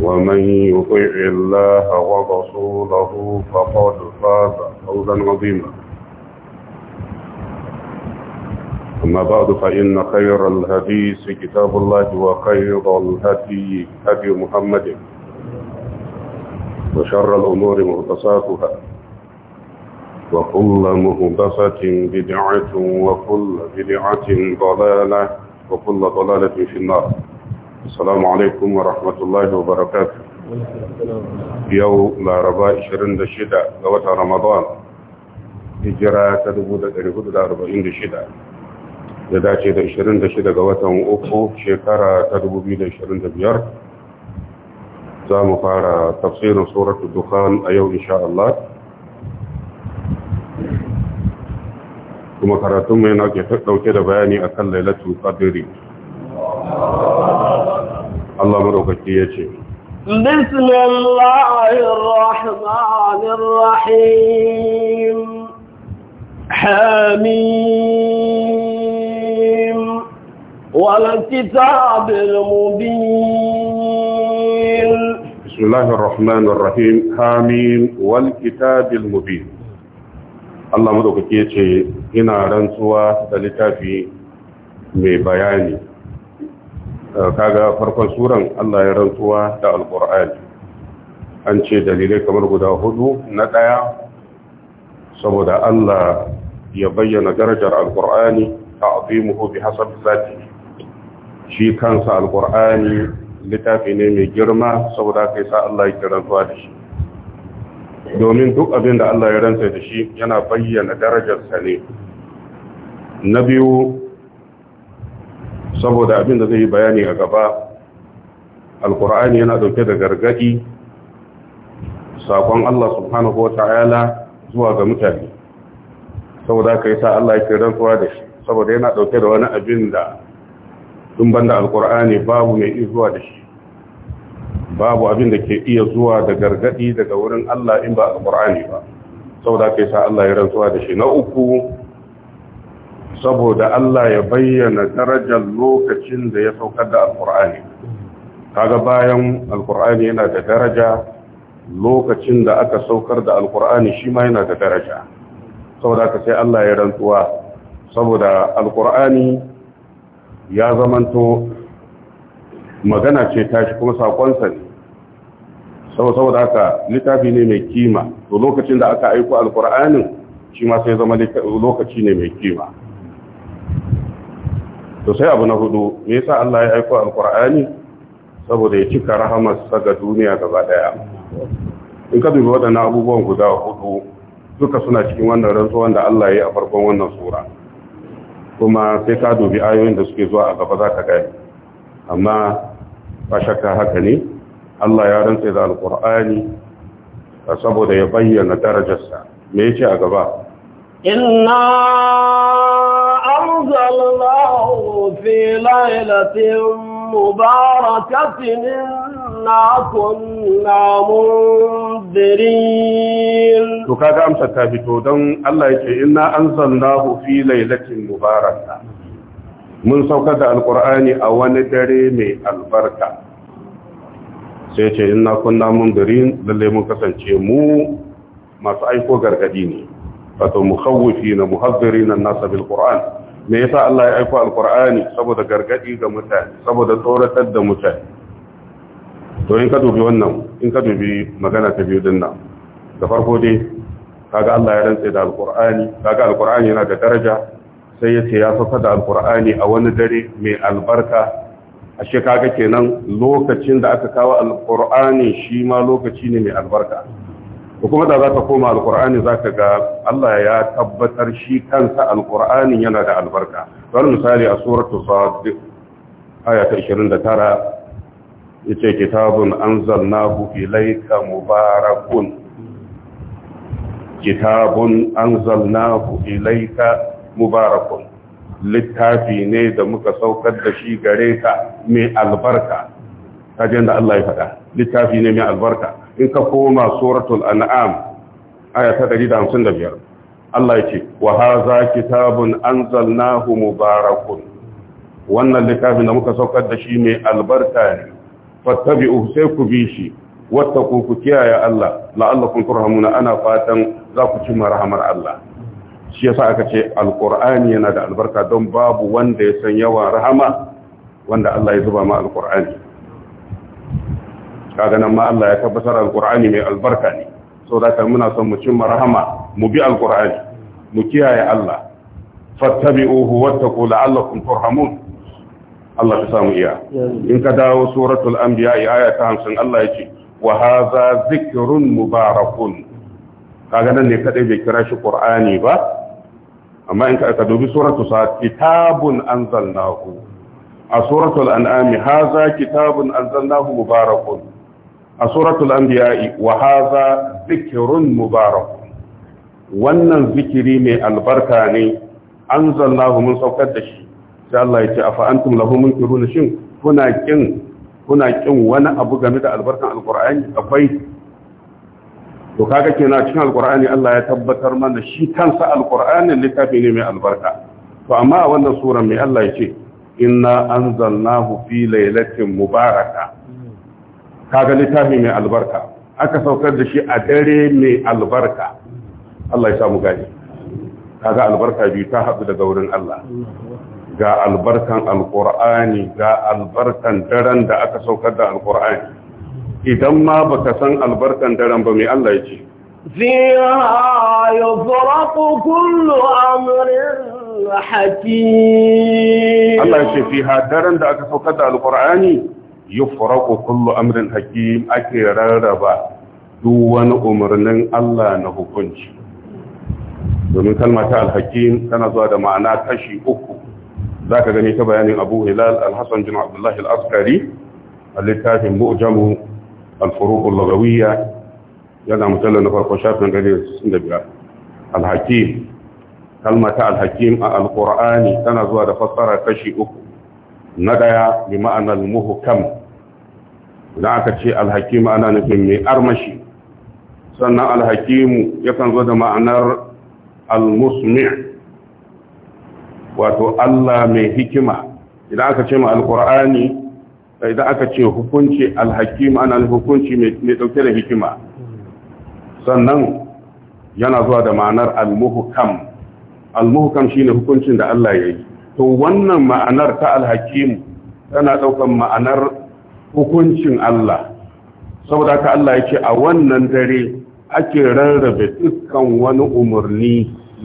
ومن يطع الله ورسوله فقد فاز فوزا عظيما أما بعد فإن خير الحديث كتاب الله وخير الهدي هدي محمد وشر الأمور مهدساتها وكل مهدسة بدعة وكل بدعة ضلالة وكل ضلالة في النار Assalamu alaikum wa rahmatullahi wa barakatuh. Yau laraba 26 ga watan Ramadan, hijira ta 1446, da dace da 26 ga watan uku shekara ta 2025, za mu fara tafsirin tsoratu duka a yau insha Allah. kuma karatunmu yana ke ta ɗauke da bayani akan kan Kadiri. Allah madaukaki ya ce بسم الله الرحمن الرحيم حميم والكتاب المبين بسم الله الرحمن الرحيم حميم والكتاب المبين Allah madaukaki ya ce ina rantsuwa da littafi mai bayani Eh, kaga farkon suran Allah ya rantsuwa da Alkur'ani. an ce dalilai kamar guda hudu na daya saboda Allah ya bayyana darajar alqur'ani ta'zimuhu bihasab zati shi kansa alqur'ani littafi ne mai girma saboda kai sa Allah ya rantsuwa da shi domin duk abin da Allah ya rantsa da shi yana bayyana darajarsa ne na biyu saboda abin da zai yi bayani a gaba alkur'ani yana dauke da gargadi sakon Allah subhanahu wata'ala zuwa ga mutane saboda kai sa Allah yake rantsuwa da shi saboda yana dauke da wani abin da dun banda alkur'ani babu mai iya zuwa da shi babu abin da ke iya zuwa da gargadi daga wurin Allah in ba alkur'ani ba saboda kai sa Allah ya rantsuwa da shi na uku saboda Allah ya bayyana darajar lokacin da ya saukar da alkur'ani kaga bayan alkur'ani yana da daraja lokacin da aka saukar da alkur'ani shi ma yana da daraja saboda ka sai Allah ya rantsuwa saboda alkur'ani ya zamanto magana ce tashi kuma sakonsa ne saboda haka littafi ne mai kima to lokacin da aka aiko alkur'anin shi ma sai zama lokaci ne mai kima to sai abu na hudu me yasa Allah ya aika alqur'ani saboda ya cika rahamarsa ga duniya gaba daya in ka dubi waɗannan abubuwan guda hudu duka suna cikin wannan rantsuwan da Allah ya yi a farkon wannan sura kuma sai ka dubi ayoyin da suke zuwa a gaba za ka gani amma ba shakka haka ne Allah ya rantsa da alqur'ani saboda ya bayyana darajarsa me yace a gaba inna أنزلناه في ليلة مباركة إنا كنا منذرين وكاد أمسى تابتو دون الله يكي إنا أنزلناه في ليلة مباركة من سوكة القرآن أوان دري من البركة سيكي إنا كنا منذرين للي مكسن مو ما سأيكو غرغديني فتو مخوفين مهذرين الناس بالقرآن me yasa Allah ya aika alqur'ani saboda gargadi ga mutane saboda tsoratar da mutane to in ka dubi wannan in ka dubi magana ta biyu din nan da farko dai kaga Allah ya rantsa da alqur'ani kaga alqur'ani yana da daraja sai yace ya saka da alqur'ani a wani dare mai albarka ashe kaga kenan lokacin da aka kawo alqur'ani shi ma lokaci ne mai albarka kuma da ka koma za zaka ga Allah ya tabbatar shi kansa alkur'ani yana da albarka bar misali a suratu sad aya ta 29 yace kitabun anzalnahu ilayka mubarakun kitabun anzalnahu laika mubarakun littafi ne da muka saukar da shi gare ka mai albarka kajin da Allah ya faɗa littafi ne mai albarka in ka koma suratul an'am aya ta 155 Allah yake wa hadha kitabun anzalnahu mubarakun wannan littafin da muka saukar da shi mai albarka ne fattabi'u sai ku bi shi Wata ku kiyaye Allah la'allakum turhamuna ana fatan za ku cimma rahamar Allah shi yasa aka ce alqur'ani yana da albarka don babu wanda ya san yawan rahama wanda Allah ya zuba ma alqur'ani kaga nan ma Allah ya tabbatar alqur'ani mai albarka ne saboda kan muna son mu cimma rahama mu bi alqur'ani mu kiyaye Allah fattabi'uhu wattaqu la'allakum turhamun Allah ta samu iya in ka dawo suratul anbiya aya ta 50 Allah ya ce wa hadha dhikrun mubarakun kaga nan ne kadai bai kira shi qur'ani ba amma in ka dubi suratul sa'd kitabun anzalnahu a suratul anami hadha kitabun anzalnahu mubarakun a suratul anbiya'i wa hadha dhikrun mubarak wannan zikiri mai albarka ne An anzalnahu mun saukar da shi sai Allah ya ce afa antum lahu munkiruna shin kuna kin kuna kin wani abu game da albarkan alqur'ani akwai to kaga kenan cikin alqur'ani Allah ya tabbatar mana shi kansa alqur'anin littafi ne mai albarka to amma a wannan sura mai Allah ya ce inna anzalnahu fi lailatin mubaraka kaga littafi mai albarka aka saukar da shi a dare mai albarka Allah ya samu gani kaga albarka biyu ta haɗu daga wurin Allah ga albarkan alƙur'ani ga albarkan daren da aka saukar da alƙur'ani idan ma ba ka san albarkan daren ba mai Allah ya ce fiha yuzraqu kullu amrin hakim Allah ya ce fiha daren da aka saukar da alƙur'ani yufraqu kullu amrin hakim ake rarraba duk wani umarnin Allah na hukunci domin kalma ta al tana zuwa da ma'ana kashi uku Za ka gani ta bayanin Abu Hilal al-Hasan bin Abdullah al-Askari al-littafin Mu'jamu al-Furuq al-Lughawiyya yana mujallal na farko shafin da al-hakim kalma ta al a al-Qur'ani tana zuwa da fassara kashi uku na ɗaya bi ma'anar muhkam da aka ce alhakimu ana nufin mai armashi sannan alhakimu yakan zo da ma'anar almusmi wato Allah mai hikima idan aka ce ma alkur'ani idan aka ce hukunci alhakimu ana nufin hukunci mai dauke da hikima sannan yana zuwa da ma'anar almuhkam almuhukam shine hukuncin da Allah ya yi to wannan ma'anar ta alhakimu tana daukan ma'anar hukuncin Allah saboda haka Allah ya ce a wannan dare ake rarrabe dukkan wani umarni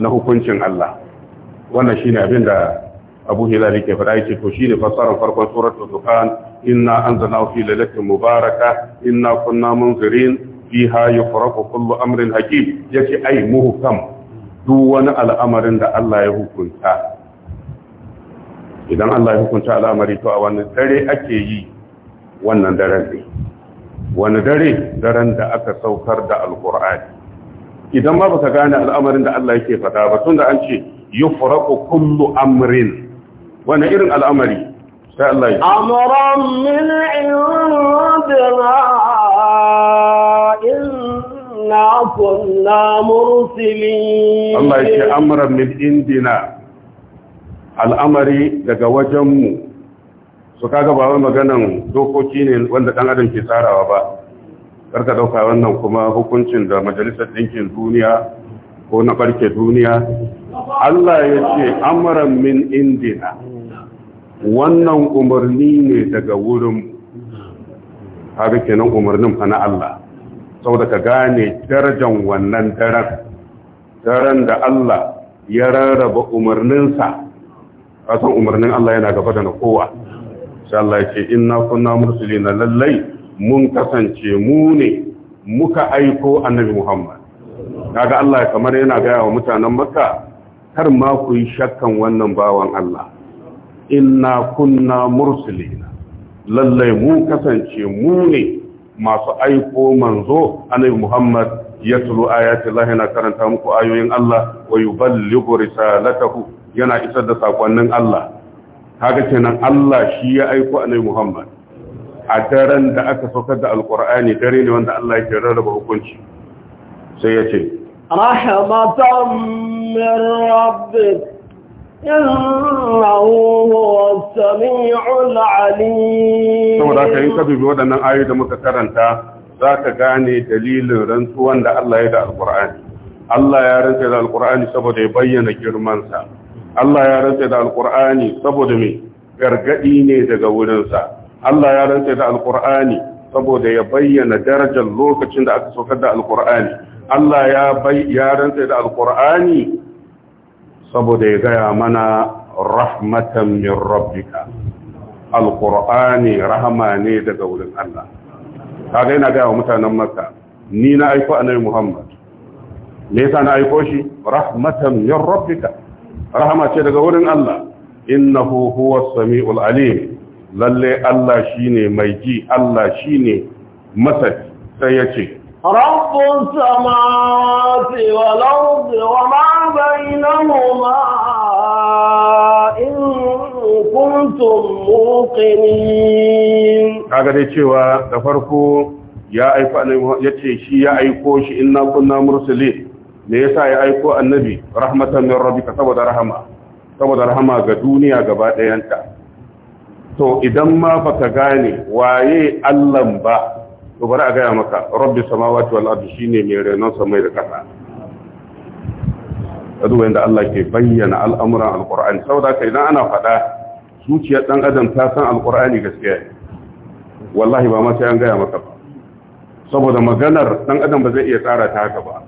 na hukuncin Allah wannan shine abin da Abu Hilal yake faɗa yake to shine fasarar farkon suratul Dukhan inna anzalnahu fi lailatin mubaraka inna kunna munzirin fiha yufraku kullu amrin hakim yace ai muhkam duk wani al'amarin da Allah ya hukunta idan Allah ya hukunta al'amari to a wani dare ake yi wannan daren ne wani dare daren da aka saukar da alkur'ani idan ba ka gane al'amarin da Allah yake fada ba tun da an ce yufraqu kullu amrin wani irin al'amari sai Allah yi. amran min indina inna kunna mursilin Allah ya ce amran min indina al'amari daga wajenmu su kaga ba wani maganan dokoki ne wanda ɗan adam ke tsarawa ba karka ɗauka wannan kuma hukuncin da majalisar ɗinkin duniya ko na barke duniya Allah ya ce amran min indina wannan umarni ne daga wurin haka kenan umarnin fa na Allah saboda ka gane darajan wannan daren daren da Allah ya rarraba umarninsa a umarnin Allah yana gaba da na kowa sai Allah ya ce inna kunna mursalina lallai mun kasance mu ne muka aiko annabi Muhammad kaga Allah kamar yana gaya wa mutanen Makka kar ma ku yi shakkan wannan bawan Allah inna kunna mursalina lallai mu kasance mu ne masu aiko manzo annabi Muhammad yatlu ayati Allah yana karanta muku ayoyin Allah wa yuballighu risalatahu yana isar da sakonnin Allah haka kenan Allah shi ya aiko annabi Muhammad a daren da aka saukar da alkur'ani dare ne wanda Allah yake rarraba hukunci sai ya ce rahmatan min rabbik innahu huwas samiul alim saboda kai in ka dubi waɗannan ayoyi da muka karanta zaka gane dalilin rantsuwan da Allah ya da alkur'ani Allah ya rantsa da alkur'ani saboda ya bayyana girman sa Allah ya rantse da alqur'ani saboda me gargadi ne daga wurinsa Allah ya rantse da alqur'ani saboda ya bayyana darajar lokacin da aka saukar da alqur'ani Allah ya ya rantse da alqur'ani saboda ya gaya mana rahmatan min rabbika alqur'ani rahama ne daga wurin Allah kaga yana gaya wa mutanen makka ni na aiko annabi muhammad me yasa na aiko shi rahmatan min rabbika rahama ce daga wurin Allah innahu huwas samiul alim lalle Allah shine mai ji Allah shine masa sai yace rabbus samawati wal ardi ma bainahuma in kuntum muqinin kaga dai cewa da farko ya aika yace shi ya aiko shi inna kunna mursalin me yasa ya aiko annabi rahmatan min rabbika saboda rahama saboda rahama ga duniya gaba ɗayanta to idan ma baka gane waye Allah ba to bari a gaya maka rabbi samawati wal ardi shine mai renon samai da kasa azu wanda Allah ke bayyana al'amuran alqur'ani saboda kai idan ana fada zuciyar dan adam ta san alqur'ani gaskiya wallahi ba ma sai an gaya maka ba saboda maganar dan adam ba zai iya tsara ta haka ba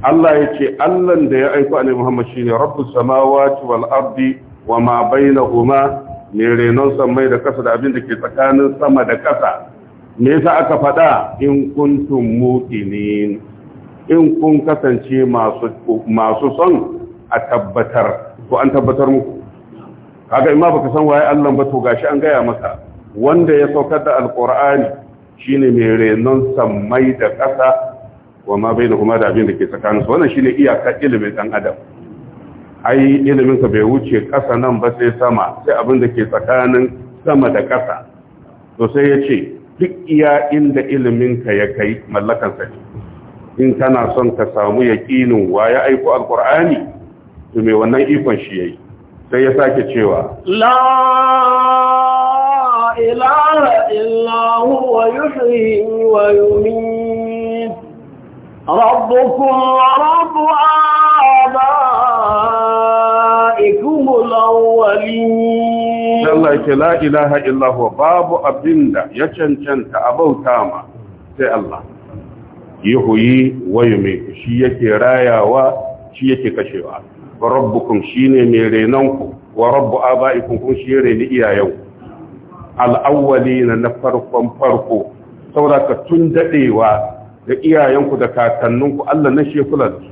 Allah ya ce Allahn da ya aiko Ali Muhammad shi ne rabbu samawati wal ardi wa ma bainahuma ne renon samai da kasa da abin da ke tsakanin sama da kasa me yasa aka faɗa in kuntum muqinin in kun kasance masu masu son a tabbatar to an tabbatar muku kaga imma baka san waye Allah ba to gashi an gaya maka wanda ya saukar da alqur'ani shine mai renon samai da kasa wa ma bai da kuma da abin da ke tsakaninsu wannan shi ne iyakar ilimin ɗan adam ai iliminsa bai wuce ƙasa nan ba sai sama sai abin da ke tsakanin sama da ƙasa to sai ya ce duk iya inda iliminka ya kai mallakansa ne in kana son ka samu yaƙinin wa ya aiko alƙur'ani to mai wannan ikon shi yayi sai ya sake cewa la ilaha yuhyi wa yumiit ربكم ورب آبائكم الأولين Allah yake la ilaha illahu babu ya cancanta abauta ma sai Allah shi yake rayawa shi yake kashewa shine kun shi reni iyayen na farkon farko sauraka tun dadewa da iyayenku da kakanninku Allah na shi kula da su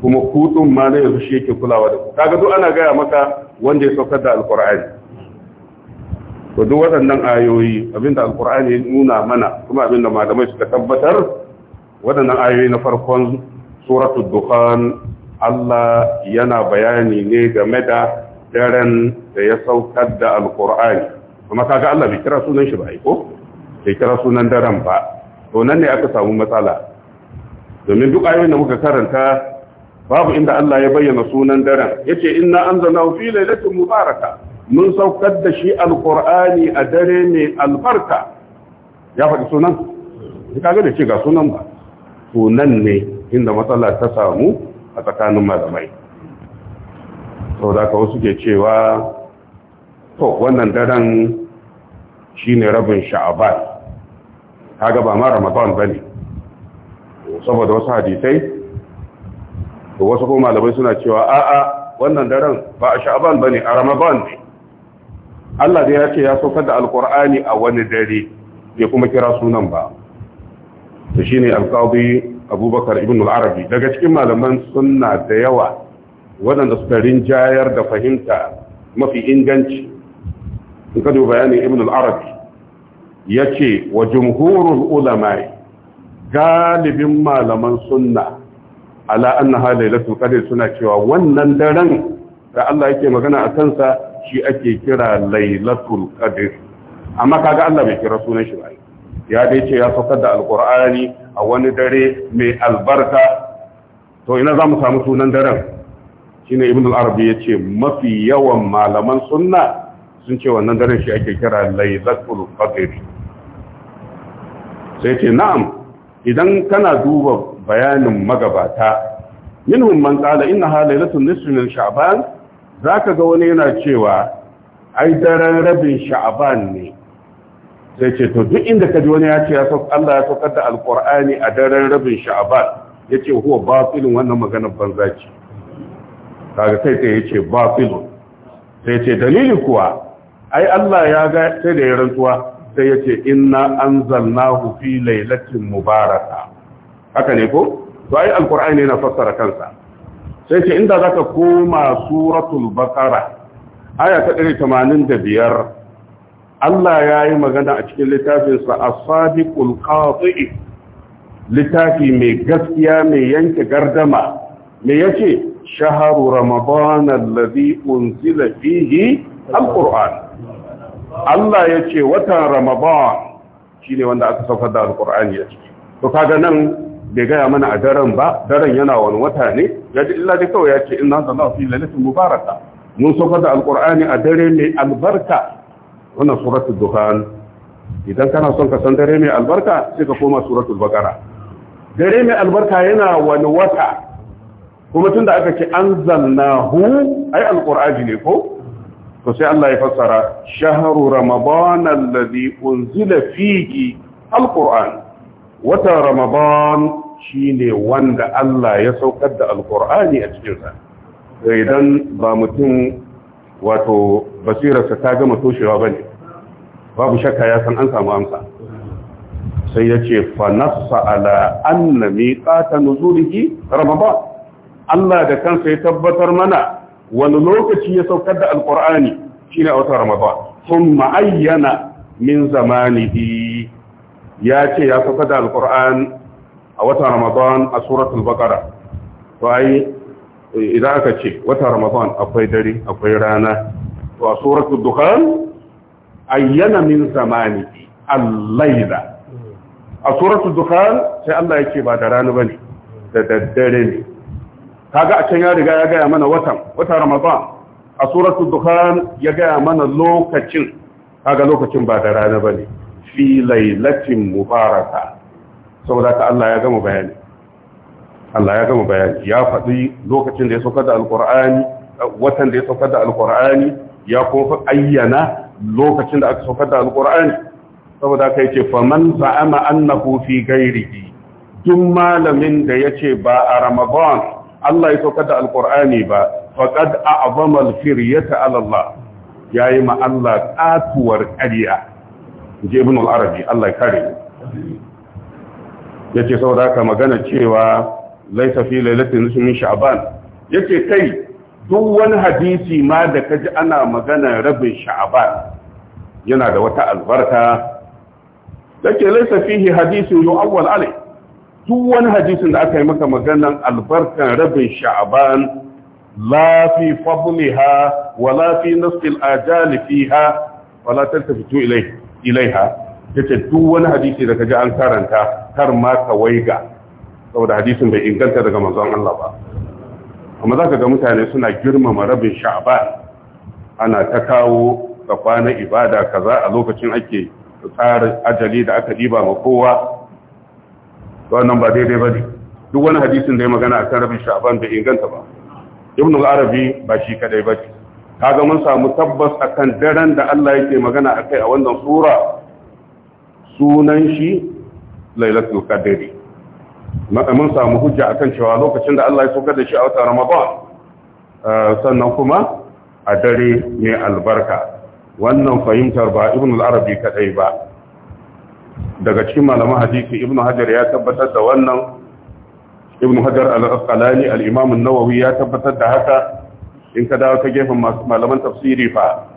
kuma kudin ma na yanzu shi yake kulawa da ku kaga duk ana gaya maka wanda ya saukar da alkur'ani to duk waɗannan ayoyi abinda alkur'ani ya nuna mana kuma abinda malamai suka tabbatar waɗannan ayoyi na farkon suratul dukhan Allah yana bayani ne game da daren da ya saukar da alkur'ani kuma kaga Allah bai kira sunan shi ba ai ko bai kira sunan daren ba to nan ne aka samu matsala domin duk ayoyin da muka karanta babu inda Allah ya bayyana sunan daren yace inna anzalnahu fi lailatin mubarakah mun saukar da shi alqur'ani a dare mai albarka ya faɗi sunan kaga da ce ga sunan ba sunan ne inda matsala ta samu a tsakanin malamai sau da suke cewa to wannan daren shine rabin sha'aban kaga ba ma ramadan bane saboda wasu hadisai da wasu kuma malamai suna cewa a'a wannan daren ba a sha'aban bane a ramadan ne Allah da ya ce ya saukar da alkur'ani a wani dare ya kuma kira sunan ba da shine alqadi abubakar ibn al-arabi daga cikin malaman sunna da yawa waɗanda suka rinjayar da fahimta mafi inganci in ka duba bayanin ibn al-arabi Ya ce wa jumhurul ulama galibin malaman sunna ala annaha lailatul qadr suna cewa wannan daren da Allah yake magana a kansa shi ake kira lailatul qadr amma kaga Allah bai kira sunan shi ba ya dai ce ya saukar da alkur'ani a wani dare mai albarka to ina za samu sunan daren shine ibn al-arabi ya mafi yawan malaman sunna sun ce wannan daren shi ake kira lailatul qadr sai ce na'am idan kana duba bayanin magabata minhum man qala innaha lailatul nisfi min sha'ban zaka ga wani yana cewa ai daren rabin sha'ban ne sai ce to duk inda kaji wani ya ce ya sauka Allah ya saukar da alqur'ani a daren rabin sha'ban yace huwa batilun wannan maganar banza ce kaga sai sai yace batilun sai ce dalili kuwa ai Allah ya ga sai da ya rantsuwa sai ya ce inna anzalnahu fi lailatin mubaraka haka ne ko to ai alqur'ani fassara kansa sai ce inda zaka koma suratul bakara aya ta biyar. Allah yayi magana a cikin littafinsa a sadiqul qati littafi mai gaskiya mai yanke gardama me yace shaharu ramadan alladhi unzila fihi alqur'an Allah ya ce watan Ramadan shi ne wanda aka saukar da Alƙur'ani ya ciki. To kaga nan bai gaya mana a daren ba, daren yana wani wata ne, ya ji illa dai kawai ya ce ina wasu lafi lalatin mubaraka. Mun saukar da Alƙur'ani a dare mai albarka wannan suratul Duhan. Idan kana son ka san dare mai albarka sai ka koma suratul Baqara. Dare mai albarka yana wani wata kuma da aka ce anzalnahu ai alqur'ani ne ko to sai Allah ya fassara shahru ramadan alladhi unzila fihi alquran wata ramadan shine wanda Allah ya saukar da alqurani a cikinsa. sa ba mutum wato basirarsa ta gama toshewa bane babu shakka ya san an samu amsa sai ya ce fanassa ala anna miqata nuzulihi ramadan Allah da kansa ya tabbatar mana wani lokaci ya saukar da shi shine a wata ramadan thumma ayyana min zamanihi ya ce ya saukar da alkur'ani a wata ramadan a suratul baqara to ai idan aka ce wata ramadan akwai dare akwai rana to a suratul dukhan ayyana min zamanihi al-laila a suratul dukhan sai Allah yake ba da rana bane da daddare ne kaga a can ya riga ya gaya mana watan wata ramadan a suratul dukhan ya gaya mana lokacin kaga lokacin ba da rana bane fi laylatin mubaraka saboda ka Allah ya gama bayani Allah ya gama bayani ya faɗi lokacin da ya saukar da alqur'ani watan da ya saukar da alqur'ani ya kuma ayyana lokacin da aka saukar da alqur'ani saboda ka yace faman za'ama annahu fi ghairihi duk malamin da yace ba a ramadan Allah ya saukar da Al-Qur'ani ba faqad a'zama al-firyata 'ala Allah yayi ma Allah katuwar ƙarya je ibn al-arabi Allah ya kare yace saboda haka magana cewa laisa fi lailatin nisfin sha'ban yace kai duk wani hadisi ma da kaji ana magana rabin sha'ban yana da wata albarka take laisa fihi hadisin yu'awwal alai duk wani hadisin da aka yi maka maganan albarkan rabin sha'aban la fi fadliha wa la fi nasl al fiha wa la ilaiha yace duk wani hadisi da ka je an karanta kar ma ka waiga saboda hadisin bai inganta daga manzon Allah ba amma zaka ga mutane suna girmama rabin sha'aban ana ta kawo ga kwana ibada kaza a lokacin ake tsarin ajali da aka diba ma kowa wannan ba daidai ba ne duk wani hadisin da ya magana a kan rabin sha'aban bai inganta ba ibn arabi ba shi kadai ba ne kaga mun samu tabbas akan daren da Allah yake magana akai a wannan sura sunan shi lailatul qadri mun samu hujja akan cewa lokacin da Allah ya saukar da shi a watan ramadan eh, sannan kuma a dare mai albarka wannan fahimtar ba ibn al-arabi kadai ba daga cikin malaman hadisi ibnu hajar ya tabbatar da wannan ibnu hajar al-asqalani al-imam an-nawawi ya tabbatar da haka in ka dawo ka gefen malaman tafsiri fa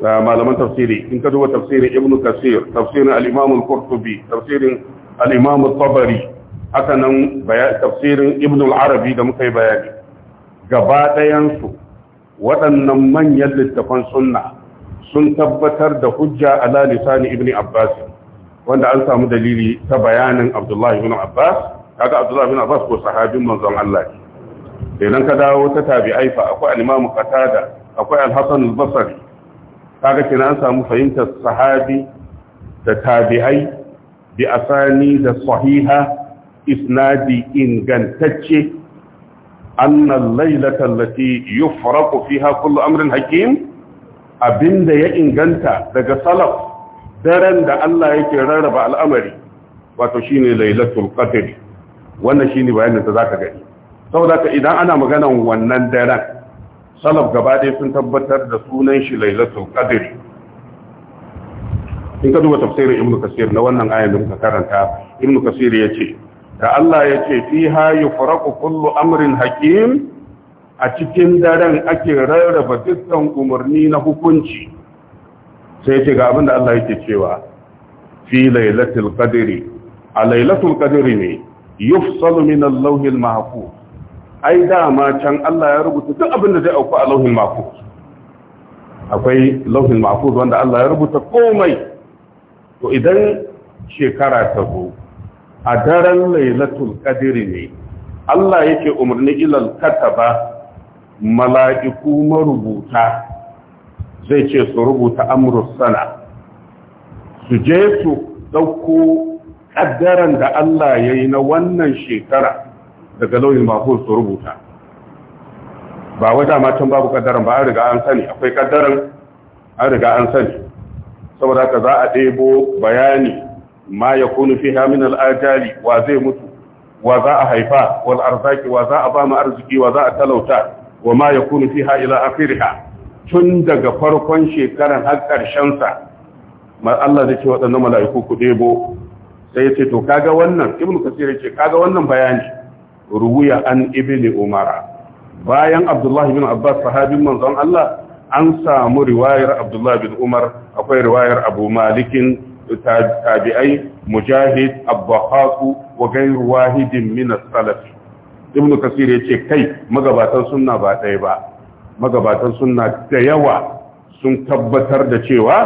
malaman tafsiri in ka duba tafsirin ibnu kasir tafsirin al-imam al-qurtubi tafsirin al-imam at-tabari haka nan tafsirin ibnu al-arabi da muka yi bayani gaba ɗayan su waɗannan manyan littafan sunna sun tabbatar da hujja ala lisani ibnu abbas wanda an samu dalili ta bayanin abdullahi bin abbas kaga abdullahi bin abbas ko sahabin manzon Allah ne idan ka dawo ta tabi'ai fa akwai al-imam qatada akwai al-hasan al-basri kaga kina an samu fahimtar sahabi da tabi'ai bi asani da sahiha isnadi ingantacce annal lailata allati yufraqu fiha kullu amrin hakim abinda ya inganta daga salaf daren da Allah yake rarraba al'amari wato shine lailatul qadr wannan shine bayanin da zaka gani da ka idan ana maganan wannan daren salaf gaba dai sun tabbatar da sunan shi lailatul qadr in ka duba tafsirin ibnu kasir na wannan ayar da muka karanta ibnu kasir yace da Allah yace fiha yufraqu kullu amrin hakim a cikin daren ake rarraba dukkan umarni na hukunci sai ce ga abin da Allah yake cewa fi lailatul qadri a lailatul qadri ne yufsalu min al-lawhil mahfuz ai dama can Allah ya rubuta duk abin da zai auku a lauhin mahfuz akwai lauhin mahfuz wanda Allah ya rubuta komai to idan shekara ta zo a daren lailatul qadri ne Allah yake umarni ilal kataba mala'iku marubuta zai ce su rubuta amrus sana su je su ɗauko ƙaddaran da Allah ya yi na wannan shekara daga launin mafus su rubuta ba wata matan babu ƙaddaren ba a riga an sani akwai ƙaddaran a riga an sani saboda haka za a ɗebo bayani ma ya kunu fi hamin al'ajali wa zai mutu wa za a haifa wal arzaki wa za a ba mu arziki wa za a talauta wa ma ya kunu fi ha ila akhiriha tun daga farkon shekaran har ƙarshensa Allah zai ce waɗannan mala'iku ku ɗebo sai ya ce to kaga wannan ibn kasir ya ce kaga wannan bayani ruwiya an ibni Umar? bayan abdullahi bin abbas sahabin manzon Allah an samu riwayar abdullahi bin umar akwai riwayar abu malikin tabi'ai mujahid abbaqatu wa ghayru wahidin min as-salaf ibn kasir ya ce kai magabatan sunna ba ɗaya ba magabatan sunna da yawa sun tabbatar da cewa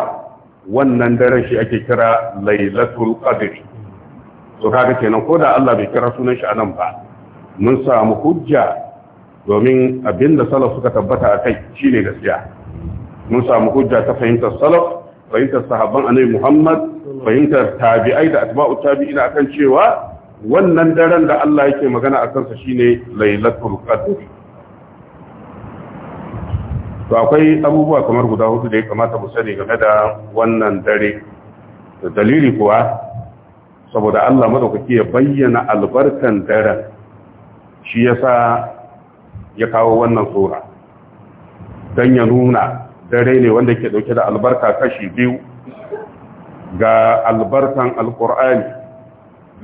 wannan daren shi ake kira lailatul qadr to kaga kenan ko da Allah bai kira sunan shi anan ba mun samu hujja domin abinda salaf suka tabbata akai shine gaskiya mun samu hujja ta fahimtar salaf fahimtar sahabban annabi Muhammad fahimtar tabi'ai da atba'u tabi'ina akan cewa wannan daren da Allah yake magana akan sa shine lailatul qadr to akwai abubuwa kamar guda hudu da ya kamata mu sani game da wannan dare da dalili kuwa saboda Allah madaukaki ya bayyana albarkan daren shi yasa ya kawo wannan sura don ya nuna dare ne wanda ke dauke da albarka kashi biyu ga albarkan alqur'ani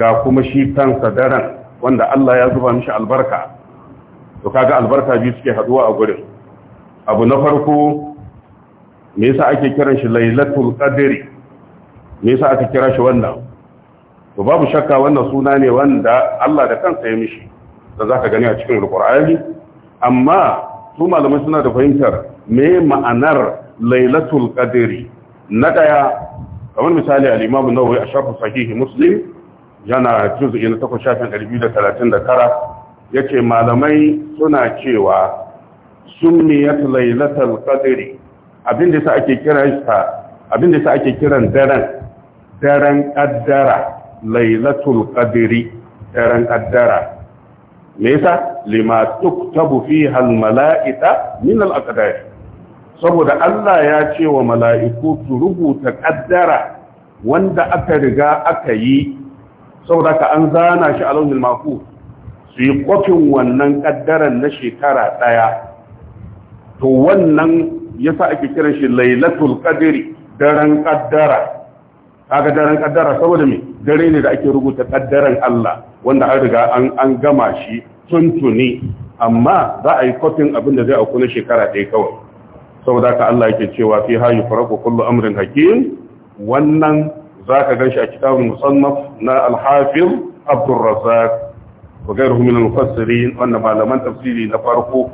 ga kuma shi kansa daren wanda Allah ya zuba mishi albarka to kaga albarka biyu suke haduwa a gurin abu na farko me yasa ake kiran shi lailatul qadri me yasa aka kira shi wannan to babu shakka wannan suna ne wanda Allah da kansa ya mishi da zaka gani a cikin alqur'ani amma su malamai suna da fahimtar me ma'anar lailatul qadri na daya kamar misali al-imam an-nawawi a shafin sahih muslim yana juz'i na 8 shafin 239 yace malamai suna cewa sunniyat lailatul qadri abin da ake kiran sa abin da ake kiran daren daren qaddara lailatul qadri daren qaddara me yasa lima tuktabu fiha al mala'ika min al aqdar saboda Allah ya ce wa mala'iku su rubuta qaddara wanda aka riga aka yi saboda ka an zana shi a launin mafu su yi kwafin wannan kaddaran na shekara ɗaya to wannan yasa ake kiran shi lailatul qadri daren kaddara kaga daren kaddara saboda me dare ne da ake rubuta kaddaran Allah wanda an riga an an gama shi tuntuni amma za a yi kofin abin da zai auku na shekara ɗaya kawai saboda ka Allah yake cewa fi hayu faraku kullu amrin hakim wannan zaka ganshi a kitabun musannaf na al-hafiz Abdul Razzaq wa ghayruhu min al-mufassirin wannan malaman tafsiri na farko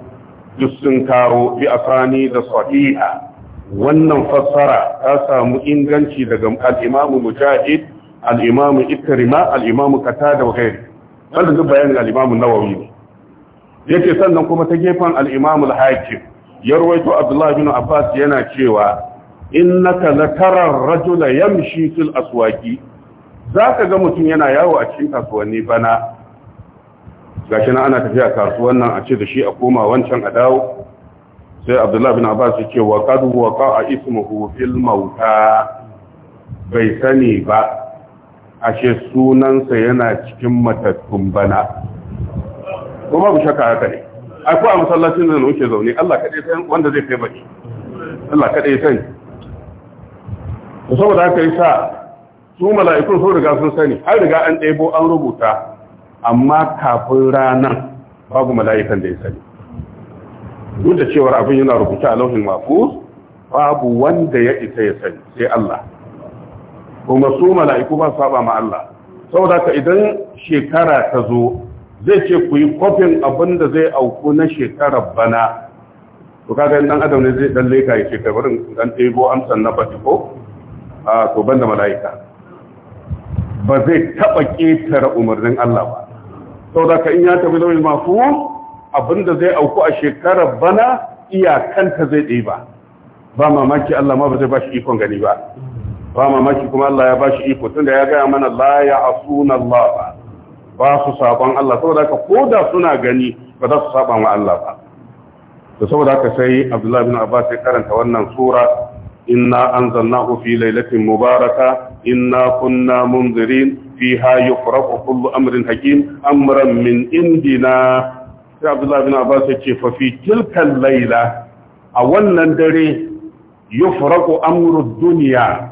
duk sun kawo bi asani da sahiha wannan fassara ta samu inganci daga al-imamu mujahid al-imamu ikrima al-imamu qatada wa ghairi wannan duk bayanin al-imamu nawawi ne yake sannan kuma ta gefen al-imamu al-hakim ya rawaito abdullahi bin abbas yana cewa innaka latara ar-rajula yamshi fil aswaqi zaka ga mutum yana yawo a cikin kasuwanni bana gashi na ana tafiya kasuwan nan a ce da shi a koma wancan a dawo sai abdullahi bin abbas ya ce wa qad waqa ismuhu fil mauta bai sani ba ashe sunansa yana cikin matattun bana Kuma ku shaka haka ne ai ko a masallacin da nuke zaune Allah kadai san wanda zai kai baki Allah kadai san saboda haka yasa su mala'ikun sun riga sun sani har riga an ɗebo an rubuta amma kafin ranar babu mala'ikan da ya sani duk da cewar abin yana rubuta a lauhin mafus babu wanda ya ita ya sani sai Allah kuma su mala'iku ba saba ma Allah Sau da ka idan shekara ta zo zai ce ku yi kofin abin da zai auku na shekarar bana to kaga dan adam ne zai dan leka ya shekarun dan ɗebo amsan na bati ko a to banda mala'ika ba zai taɓa ƙetare umarnin Allah ba da ka in ya tafi lauyin mafhum abinda zai auku a shekarar bana iyakanta zai ɗai ba ba mamaki Allah ma ba zai ba shi ikon gani ba ba mamaki kuma Allah ya ba shi iko tunda ya gaya mana la ya asuna Allah ba ba su saban Allah saboda ka da suna gani ba za su saba wa Allah ba da saboda haka sai Abdullah bin Abbas ya karanta wannan sura inna anzalnahu fi lailatin mubaraka إنا كنا منذرين فيها يفرق كل أمر حكيم أمرا من عندنا يا عبد الله بن عباس ففي تلك الليلة أولا دري يفرق أمر الدنيا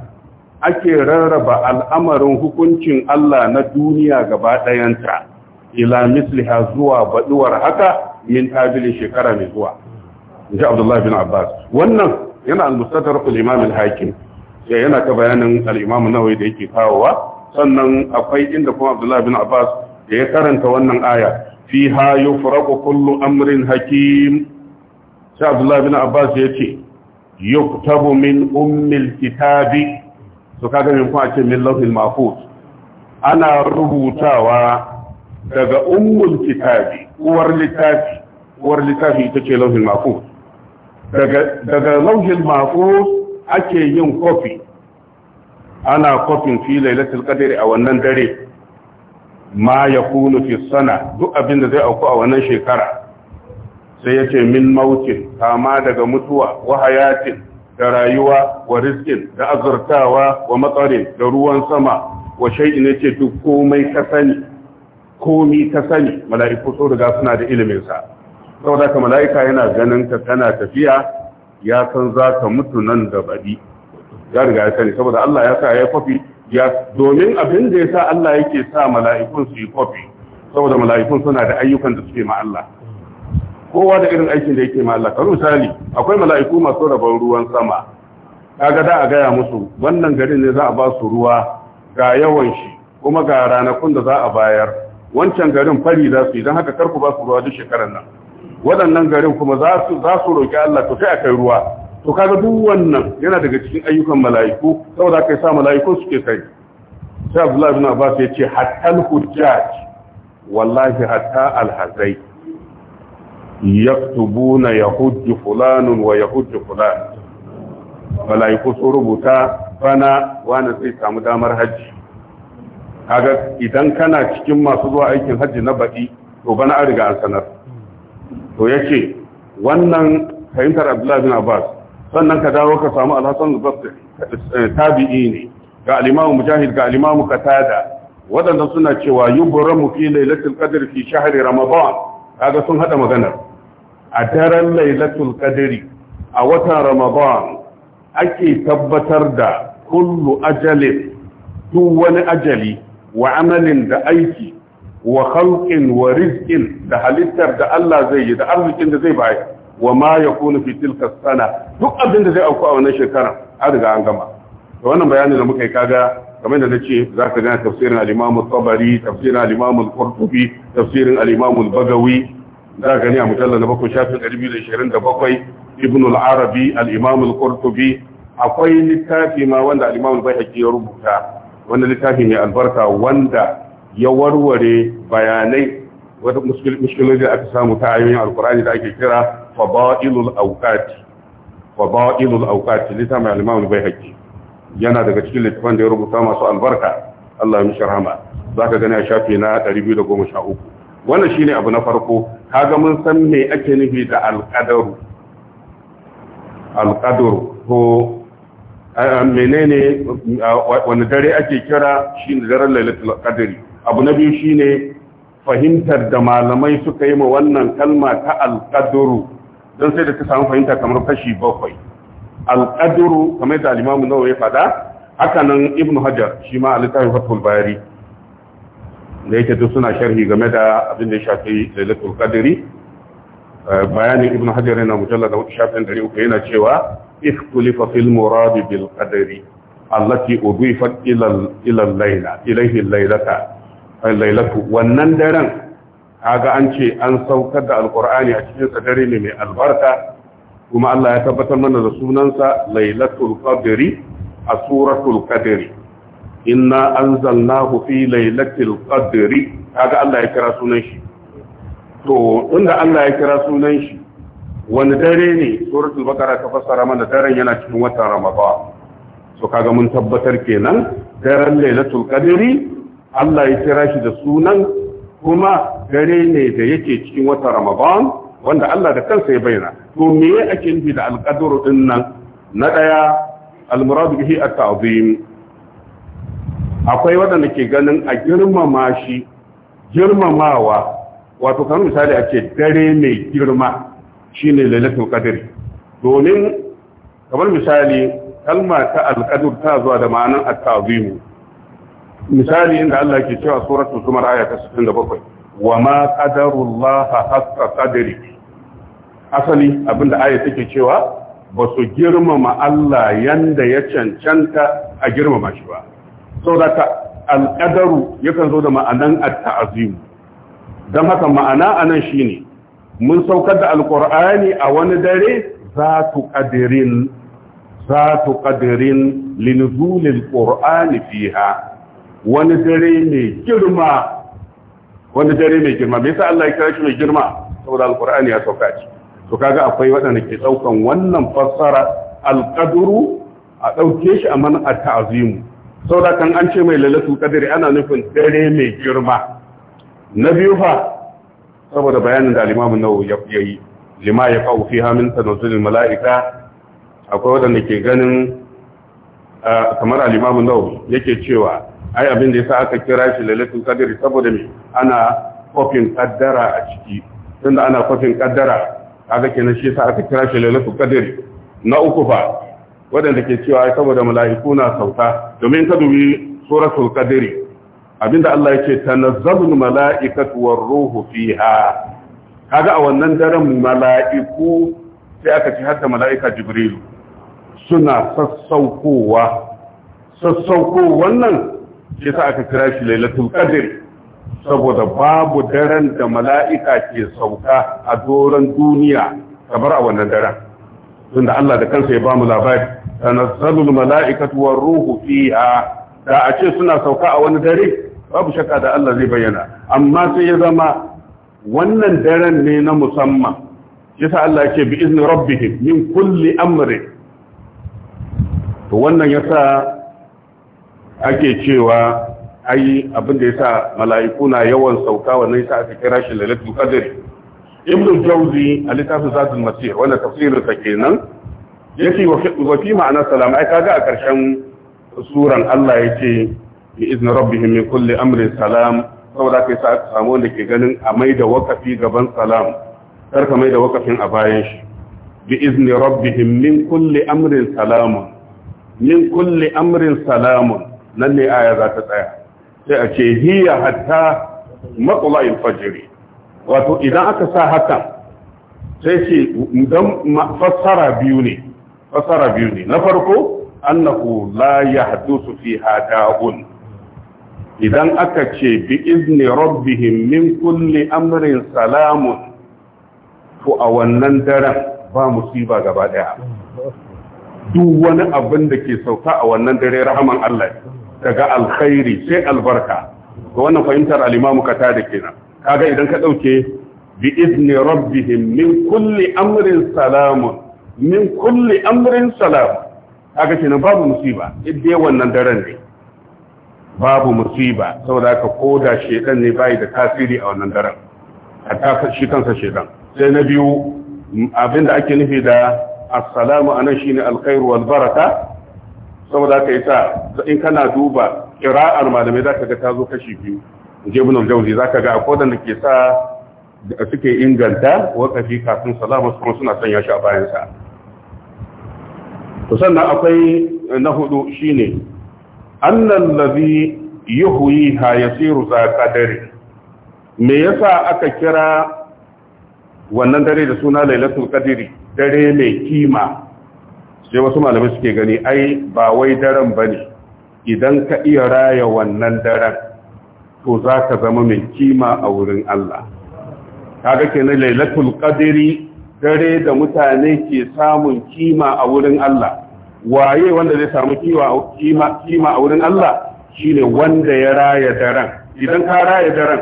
ake rarraba al'amarin hukuncin Allah na duniya gaba ɗayanta, ila misliha zuwa baɗuwar haka min tabilin shekara mai zuwa. Inji Abdullahi bin Abbas, wannan yana al-mustatar imam hakim ya yana ta bayanin al-Imam da yake kawowa sannan akwai inda kuma Abdullahi bin Abbas da ya karanta wannan aya fiha yufraqu kullum amrin hakim sai Abdullahi bin Abbas ya ce yuktabu min ummil kitabi to kaga min kuma ce min lawhil mahfuz ana rubutawa daga ummul kitabi uwar littafi uwar littafi ita ce lawhil mahfuz daga daga lawhil ake yin kofi ana kofin fi lailatul qadri a wannan dare ma yakunu fi sana duk abin da zai auku a wannan shekara sai yace min mautin kama daga mutuwa wa hayatin da rayuwa wa rizqin da azurtawa wa matsarin da ruwan sama wa shay'in yace duk komai ka sani komai ka sani mala'iku so riga suna da ilimin sa saboda ka mala'ika yana ganin ka kana tafiya ya san za ka mutu nan da baɗi ya riga ya sani saboda Allah ya sa ya kwafi ya domin abin da ya sa Allah yake sa mala'ikun su yi kwafi saboda mala'ikun suna da ayyukan da suke ma Allah kowa da irin aikin da yake ma Allah kamar misali akwai mala'iku masu rabon ruwan sama kaga da a gaya musu wannan garin ne za a ba su ruwa ga yawan shi kuma ga ranakun da za a bayar wancan garin fari za su yi don haka karku ba su ruwa duk shekarar nan waɗannan garin kuma za su roƙi Allah to sai akai ruwa to kaga duk wannan yana daga cikin ayyukan mala'iku saboda kai sa mala'iku suke kai sai Abdullah ibn Abbas ce hatta al-hujjaj wallahi hatta al-hazai yaktubuna yahujju fulan wa yahujju fulan mala'iku su rubuta bana wani zai samu damar hajji kaga idan kana cikin masu zuwa aikin hajji na baki to bana an riga an sanar to ya ce wannan fahimtar abdullahi bin abbas sannan ka dawo ka samu alhassan eh, tabi'i ne ga alimamu mujahid ga alimamu katada waɗanda suna cewa yuburamu fi lailatul qadr fi shahari ramadan kaga sun hada maganar a daren lailatul qadri a watan ramadan ake tabbatar da kullu ajalin duk wani ajali wa amalin da aiki wa khalqin wa rizqin da halittar da Allah zai yi da arzikin da zai bayar wa ma yakunu fi tilka sana duk abin da zai auku a wannan shekara an riga an gama to wannan bayani da muka yi kaga kamar da nace za ka gane tafsirin al-Imam tabari tafsirin al-Imam al-Qurtubi tafsirin al-Imam al-Bagawi za ka gani a mujallal na bakwai shafin 227 Ibn al-Arabi al-Imam al-Qurtubi akwai littafi ma wanda al-Imam al-Baihaqi ya rubuta wanda littafi mai albarka wanda ya warware bayanai wata mushkiloli da aka samu ta ayoyin alkur'ani da ake kira fadailul awqati fadailul aukati, lita mai al-imam bayhaqi yana daga cikin littafin da ya rubuta masu albarka Allah ya mishi rahama zaka gani a shafi na 213 wannan shine abu na farko kaga mun san me ake nufi da alqadaru alqadaru ko menene wani dare ake kira shine daren lailatul qadri abu na biyu shine fahimtar da malamai suka yi ma wannan kalma ta alƙaduru don sai da ta samu fahimta kamar kashi bakwai alƙaduru kamar da alimamu nawa ya faɗa haka nan ibn hajar shi ma a littafin fatul bayari da yake duk suna sharhi game da abin da ya shafi lailatul qadri eh, bayanin ibn hajar yana wata shafin uku yana cewa ikhtulifa fil muradi bil qadri allati udifat ila ila layla ilayhi laylata lailatu wannan daren kaga an ce an saukar da alkur'ani a cikin sa dare ne mai albarka kuma Allah ya tabbatar mana da sunansa lailatul qadri a suratul qadri inna anzalnahu fi lailatul qadri kaga Allah ya kira sunan shi to inda Allah ya kira sunan shi wani dare ne suratul baqara ta fassara mana daren yana cikin watan ramadan so kaga mun tabbatar kenan daren lailatul qadri Allah ya kira shi da sunan kuma dare ne da yake cikin wata Ramadan wanda Allah da kansa ya bayyana to me ake nufi da alƙadar din nan na daya almuradu bihi at-ta'zim akwai waɗanda ke ganin a girmama shi girmamawa wato kamar misali a ce dare mai girma shine lailatul qadr domin kamar misali kalma ta al-qadr ta zuwa da ma'anar at-ta'zim misali inda Allah ke cewa suratul zumar aya ta 67 wa ma qadarullaha haqqa qadri asali abinda aya take cewa ba su girmama Allah yanda ya cancanta a girmama shi ba saboda ya yakan zo da ma'anan at-ta'zim dan haka ma'ana anan shine mun saukar da alqur'ani a wani dare zatu qadirin zatu qadirin linzulil qur'ani fiha wani dare mai girma wani dare mai girma me yasa Allah ya kira shi mai girma saboda alkur'ani ya sauka shi to kaga akwai waɗanda ke daukan wannan fassara alqadru a dauke shi a man at-ta'zim saboda kan an ce mai lalatu qadri ana nufin dare mai girma na biyu fa saboda bayanin da al-Imam an-Nawawi ya yi lima ya fa'u fiha min tanazzulil mala'ika akwai waɗanda ke ganin ah, kamar al-Imam an-Nawawi yake cewa ai abin da yasa aka kira shi lailatul kadiri saboda me ana kofin kaddara a ciki tunda ana kofin kaddara kaga kenan shi yasa aka kira shi lailatul kadiri. na uku fa wadanda ke cewa ai saboda mala'iku na sauka domin ka dubi suratul qadr abinda Allah yake tanazzalul mala'ikatu war ruhu fiha kaga a wannan daren mala'iku sai aka ci hadda mala'ika jibrilu suna sassaukowa sassaukowa wannan shi sa aka kira shi lailatul qadr saboda babu daren da mala'ika ke sauka a doron duniya kamar a wannan daren da Allah da kansa ya bamu labari tanazzalul mala'ikatu war ruhu fiya, da a ce suna sauka a wani dare babu shakka da Allah zai bayyana amma sai ya zama wannan daren ne na musamman yasa Allah ce bi izni rabbihim min kulli amri to wannan yasa ake cewa ai abin da yasa mala'iku na yawan sauka wannan yasa aka kira shi lailatul qadr ibn jawzi a littafin zatul masih wanda tafsirin sa kenan yace wa fi ma'ana salama. ai kaga a karshen suran Allah yace bi izni rabbihim min kulli amrin salam saboda kai sa aka samu wanda ke ganin a mai da wakafi gaban salam kar ka mai da wakafin a bayan shi bi izni rabbihim min kulli amrin salam min kulli amrin salamun nan ne aya za ta tsaya sai a ce hiya hatta matsala'in fajiri wato idan aka sa hakan sai ce don fassara biyu ne fassara biyu ne na farko annahu la su fi hada'un idan aka ce bi izni rabbihim min kulli amrin salamun to a wannan daren ba musiba gaba daya duk wani abin da ke sauka a wannan dare rahaman Allah ne Daga alkhairi sai albarka to wannan fahimtar al-imamu katada kenan kaga idan ka dauke bi izni rabbihim min kulli amrin salam min kulli amrin salam kaga kenan babu musiba idai wannan daren ne babu musiba saboda ka koda shedan ne bai da tasiri a wannan daren hatta shi kansa shedan sai na biyu abinda ake nufi da assalamu anan shine alkhairu wal baraka saboda ka yi sa in kana duba ƙira'ar malamai za ka ga ta zo kashi biyu jibin jauzi za ka ga a kodan da ke sa da suke inganta fi kafin salama kuma suna sanya shi a bayansa to sannan akwai na hudu shine annan lazi yuhuyi ha yasiru za kadari me yasa aka kira wannan dare da suna lailatul qadri dare mai kima sai wasu malamai suke gani ai ba wai daren ba ne idan ka iya raya wannan daren to za ka zama mai kima a wurin Allah kaga kenan lailatul qadri dare da mutane ke samun kima a wurin Allah waye wanda zai samu kima kima a wurin Allah shine wanda ya raya daren idan ka raya daren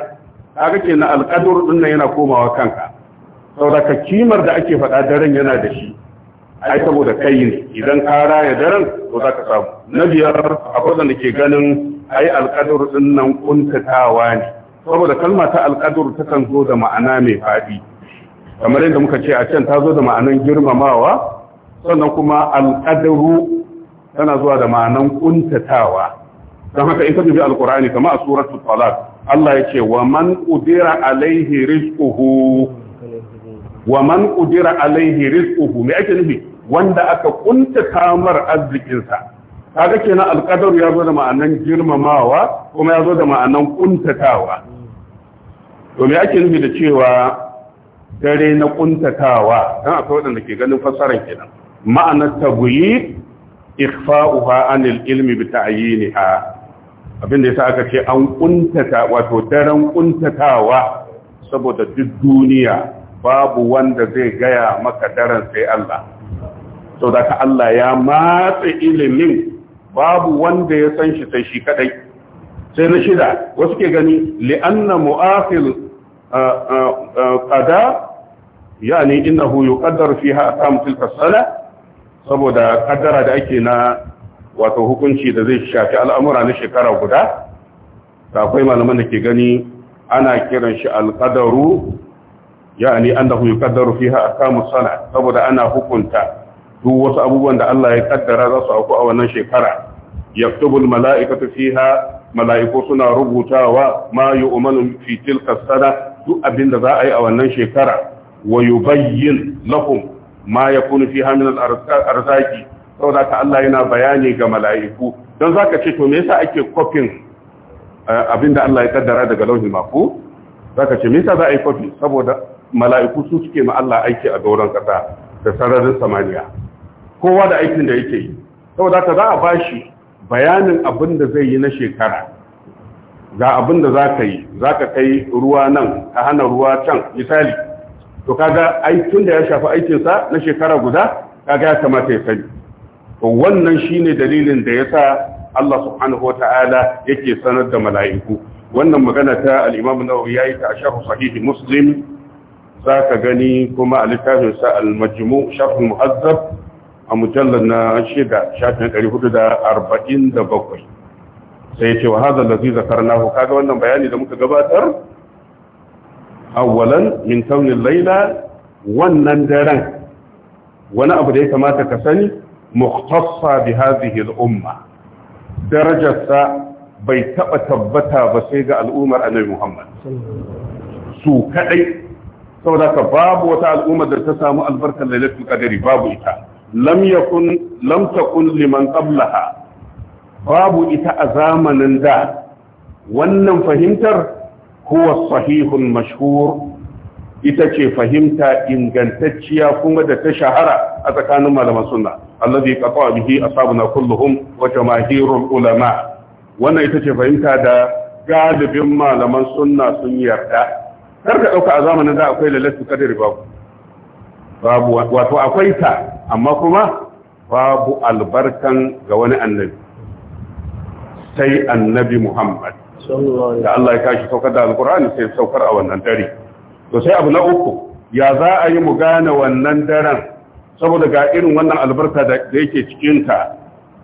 kaga kenan alqadr din yana komawa kanka saboda kimar da ake faɗa daren yana da shi ai saboda kai ne idan ka raya daren to za ka samu na biyar akwai da ke ganin ai alqadar din nan ƙuntatawa ne saboda kalma ta ta kan zo da ma'ana mai faɗi kamar yadda muka ce a can ta zo da ma'anan girmamawa sannan kuma alƙadaru tana zuwa da ma'anan ƙuntatawa don haka in ka dubi alƙur'ani kamar a suratul talaq Allah ya ce wa man qudira alaihi rizquhu wa man qudira alaihi rizquhu me ake nufi wanda aka kunta kamar arzikinsa kaga kenan alƙadar ya zo da ma'anan girmamawa kuma ya zo da ma'anan kuntatawa to me ake nufi da cewa dare na kuntatawa dan akwai wanda ke ganin fassarar kenan ma'anar tabuyid ikhfa'uha anil ilmi bi ta'yiniha abinda yasa aka ce an kuntata wato daren kuntatawa saboda duk duniya babu wanda zai gaya maka daren sai Allah sau da ka Allah ya matsa ilimin babu wanda ya san shi sai shi kadai sai na shida wasu ke gani li'anna mu'afil qada yani innahu yuqaddar fiha aqam tilka sana saboda kaddara da ake na wato hukunci da zai shafi al'amura na shekara guda akwai malaman da ke gani ana kiran shi alƙadaru ya ne an da huyu ƙadaru fi ha a sana saboda ana hukunta duk wasu abubuwan da Allah ya kaddara za su auku a wannan shekara yaktubul mala'ikatu fiha mala'iku suna rubutawa ma yu'manu fi tilka sana duk abin da za a yi a wannan shekara wa yubayyin lahum ma yakunu fiha min al-arzaqi saboda ka Allah yana bayani ga mala'iku don zaka ce to me yasa ake kofin eh, abin da Allah ya kaddara daga lauhin mafu zaka ce me yasa za a yi kofi saboda mala'iku su suke ma Allah aiki a doron kasa da sararin samaniya kowa da aikin da yake yi saboda ka za a ba shi bayanin abin da zai yi na shekara ga abin da za ka yi za ka kai ruwa nan ka hana ruwa can misali to kaga aikin da ya shafi aikinsa na shekara guda kaga ya kamata ya sani to wannan shine dalilin da ya sa Allah subhanahu wataala yake sanar da mala'iku wannan magana ta al-Imam ya yi ta sharh sahih Muslim ka gani kuma a littafinsa sa al-Majmu' sharh muhazzab a mujallar na shida shafin 447 sai ce wa hazan lafi zakar Ka kaga wannan bayani da muka gabatar awalan min kaunin laila wannan daren wani abu da ya kamata ka sani muktassa bi hadhihi al-umma darajarsa bai taba tabbata ba sai ga al'ummar annabi Muhammad su kadai saboda ka babu wata al'ummar da ta samu albarkar lailatul qadri babu ita lam yakun lam liman qablaha babu ita a zamanin da wannan fahimtar huwa sahihul mashhur ita ce fahimta ingantacciya kuma da ta shahara a tsakanin malaman sunna allazi qata'a bihi ashabuna kulluhum wa jamaahirul ulama wannan ita ce fahimta da galibin malaman sunna sun yarda kar ka dauka a zamanin da akwai lalatul qadri babu babu wato akwai ta amma kuma babu albarkan ga wani annabi sai annabi Muhammad da Allah ya kashi saukar da alkur'ani sai saukar a wannan dare to sai abu na uku ya za a yi mu gane wannan daren saboda ga irin wannan albarka da yake cikinta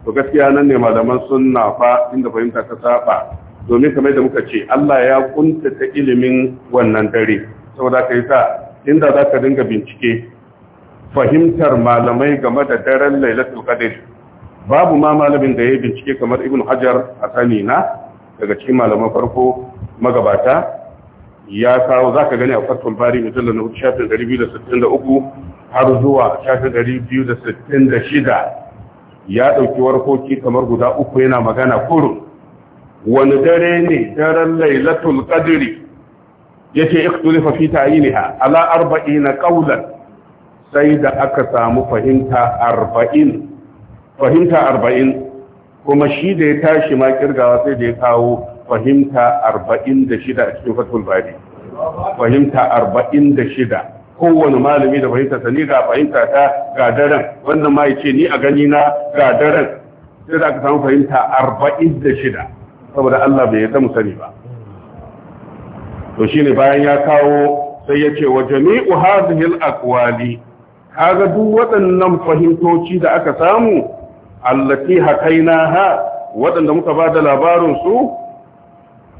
to gaskiya nan ne malaman sunna fa inda fahimta ta saba domin kamar da muka ce Allah ya kuntata ilimin wannan dare saboda kai sa inda za ka dinga bincike fahimtar malamai game da daren lailatul qadr babu ma malamin da ya bincike kamar ibn hajar a sani na daga cikin malaman farko magabata ya kawo za gani a fatul bari mujallar na shafin 263 har zuwa shafin 266 ya ɗauki warkoki kamar guda uku yana magana kuru wani dare ne daren lailatul qadri yace ikhtulifa fi ta'yinha ala 40 qawlan sai da aka samu fahimta arba'in fahimta arba'in kuma shi da ya tashi ma kirgawa sai da ya kawo fahimta arba'in da shida a cikin fatul bari fahimta arba'in da shida kowane malami da fahimta ta ni ga fahimta ta ga wannan ma ya ce ni a gani na ga daren sai da aka samu fahimta arba'in da shida saboda Allah bai yadda mu sani ba to shine bayan ya kawo sai ya ce wa jami'u hadhihi al-aqwali kaga duk waɗannan fahimtoci da aka samu allati hakaina ha waɗanda muka ba da labarin su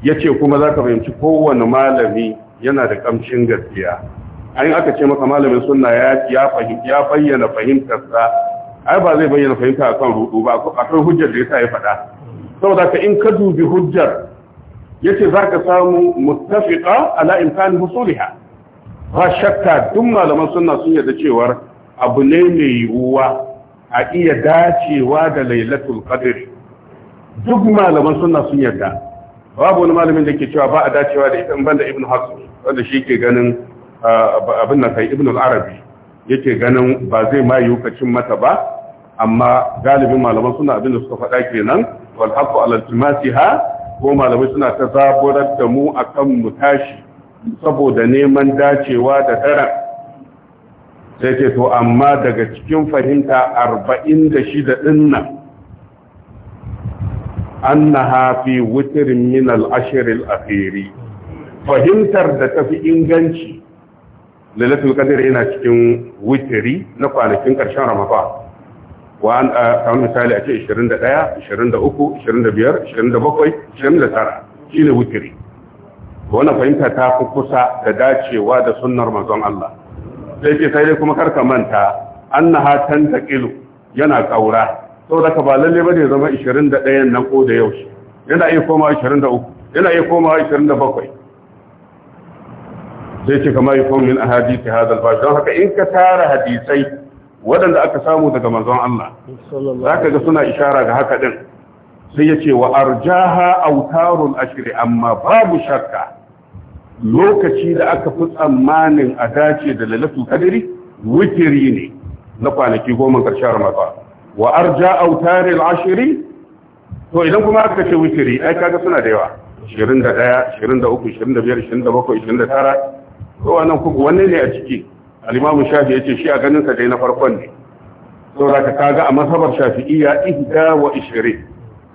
yace kuma zaka fahimci kowanne malami yana da kamcin gaskiya an aka ce maka malamin sunna ya ya fahimta ya bayyana fahimtarsa ai ba zai bayyana fahimta akan rudu ba akwai hujjar da yasa ya faɗa saboda ka in ka dubi hujjar yace zaka samu muttafiqa ala imkan husuliha ba shakka duk malaman sunna sun yarda cewar abu ne mai yiwuwa a iya dacewa da lailatul qadr duk malaman sunna sun yarda babu wani malamin da ke cewa ba a dacewa da ita banda Ibn hasan wanda shi ke ganin abin nan kai Ibn al-arabi yake ganin ba zai ma yiwu kacin mata ba amma galibin malaman suna abin da suka faɗa kenan wal haqqu ala iltimasiha ko malamai suna ta zaburar da mu akan mu tashi saboda neman dacewa da daren sai ce to amma daga cikin fahimta arba'in da shida dinnan annaha fi wutirin min al-ashr al-akhiri fahimtar da tafi inganci lailatul qadr yana cikin wutiri na kwanakin ƙarshen ramadan wa an kamar misali a ce 21 23 25 27 29 shine wutiri wannan fahimta ta fi kusa da dacewa da sunnar manzon Allah sai ce sai dai kuma karka manta annaha tantaqilu yana kaura saboda ka ba lalle ba ne zama 21 nan ko da yaushe yana iya koma 23 yana iya koma 27 zai ce kama yi komin a hadisi hadal ba don haka in ka tara hadisai waɗanda aka samu daga manzon Allah za ka ga suna ishara ga haka din. sai ya ce wa arjaha autarun ashiri amma babu shakka lokaci da aka fi tsammanin a dace da lalatu kadiri witiri ne na kwanaki goma ƙarshen ramadan wa arja autari al-ashiri to idan kuma aka ce witiri ai kaga suna da yawa 21 23 25 27 29 to wannan kuma wanne ne a ciki al-imam shafi yace shi a ganin sa dai na farkon ne to zaka kaga a mazhabar shafi'iyya ihda wa 20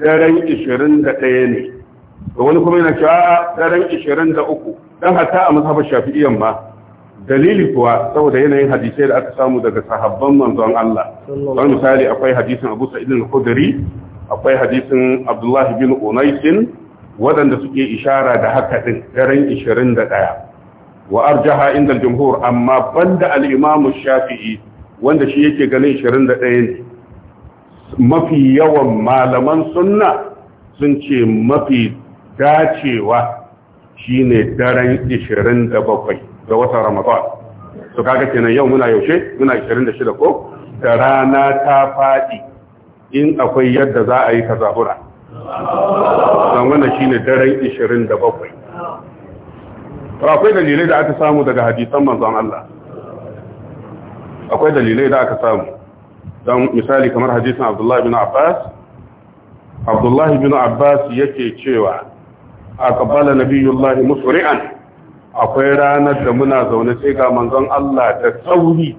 daren 21 ne da wani kuma yana cewa daren 23 dan hata a mazhabar shafi'iyan ma dalili kuwa saboda yanayin hadisai da aka samu daga sahabban manzon Allah don misali akwai hadisin Abu sa'idin al akwai hadisin Abdullahi bin Unais waɗanda suke ishara da haka ɗin, daren 21 wa arjaha inda jumhur amma banda al Shafi'i wanda shi yake ganin 21 ne mafi yawan malaman sunna sun ce mafi dacewa shine daren 27 ga watan Ramadan to kaga kenan yau muna yaushe muna 26 ko da rana ta fadi in akwai yadda za a yi tazahura don wannan shine daren 27 akwai dalilai da aka samu daga hadisan manzon Allah akwai dalilai da aka samu don misali kamar hadisan Abdullahi bin Abbas Abdullahi bin Abbas yake cewa a nabiyullahi musri'an akwai ranar da muna zaune sai ga manzon Allah da sauri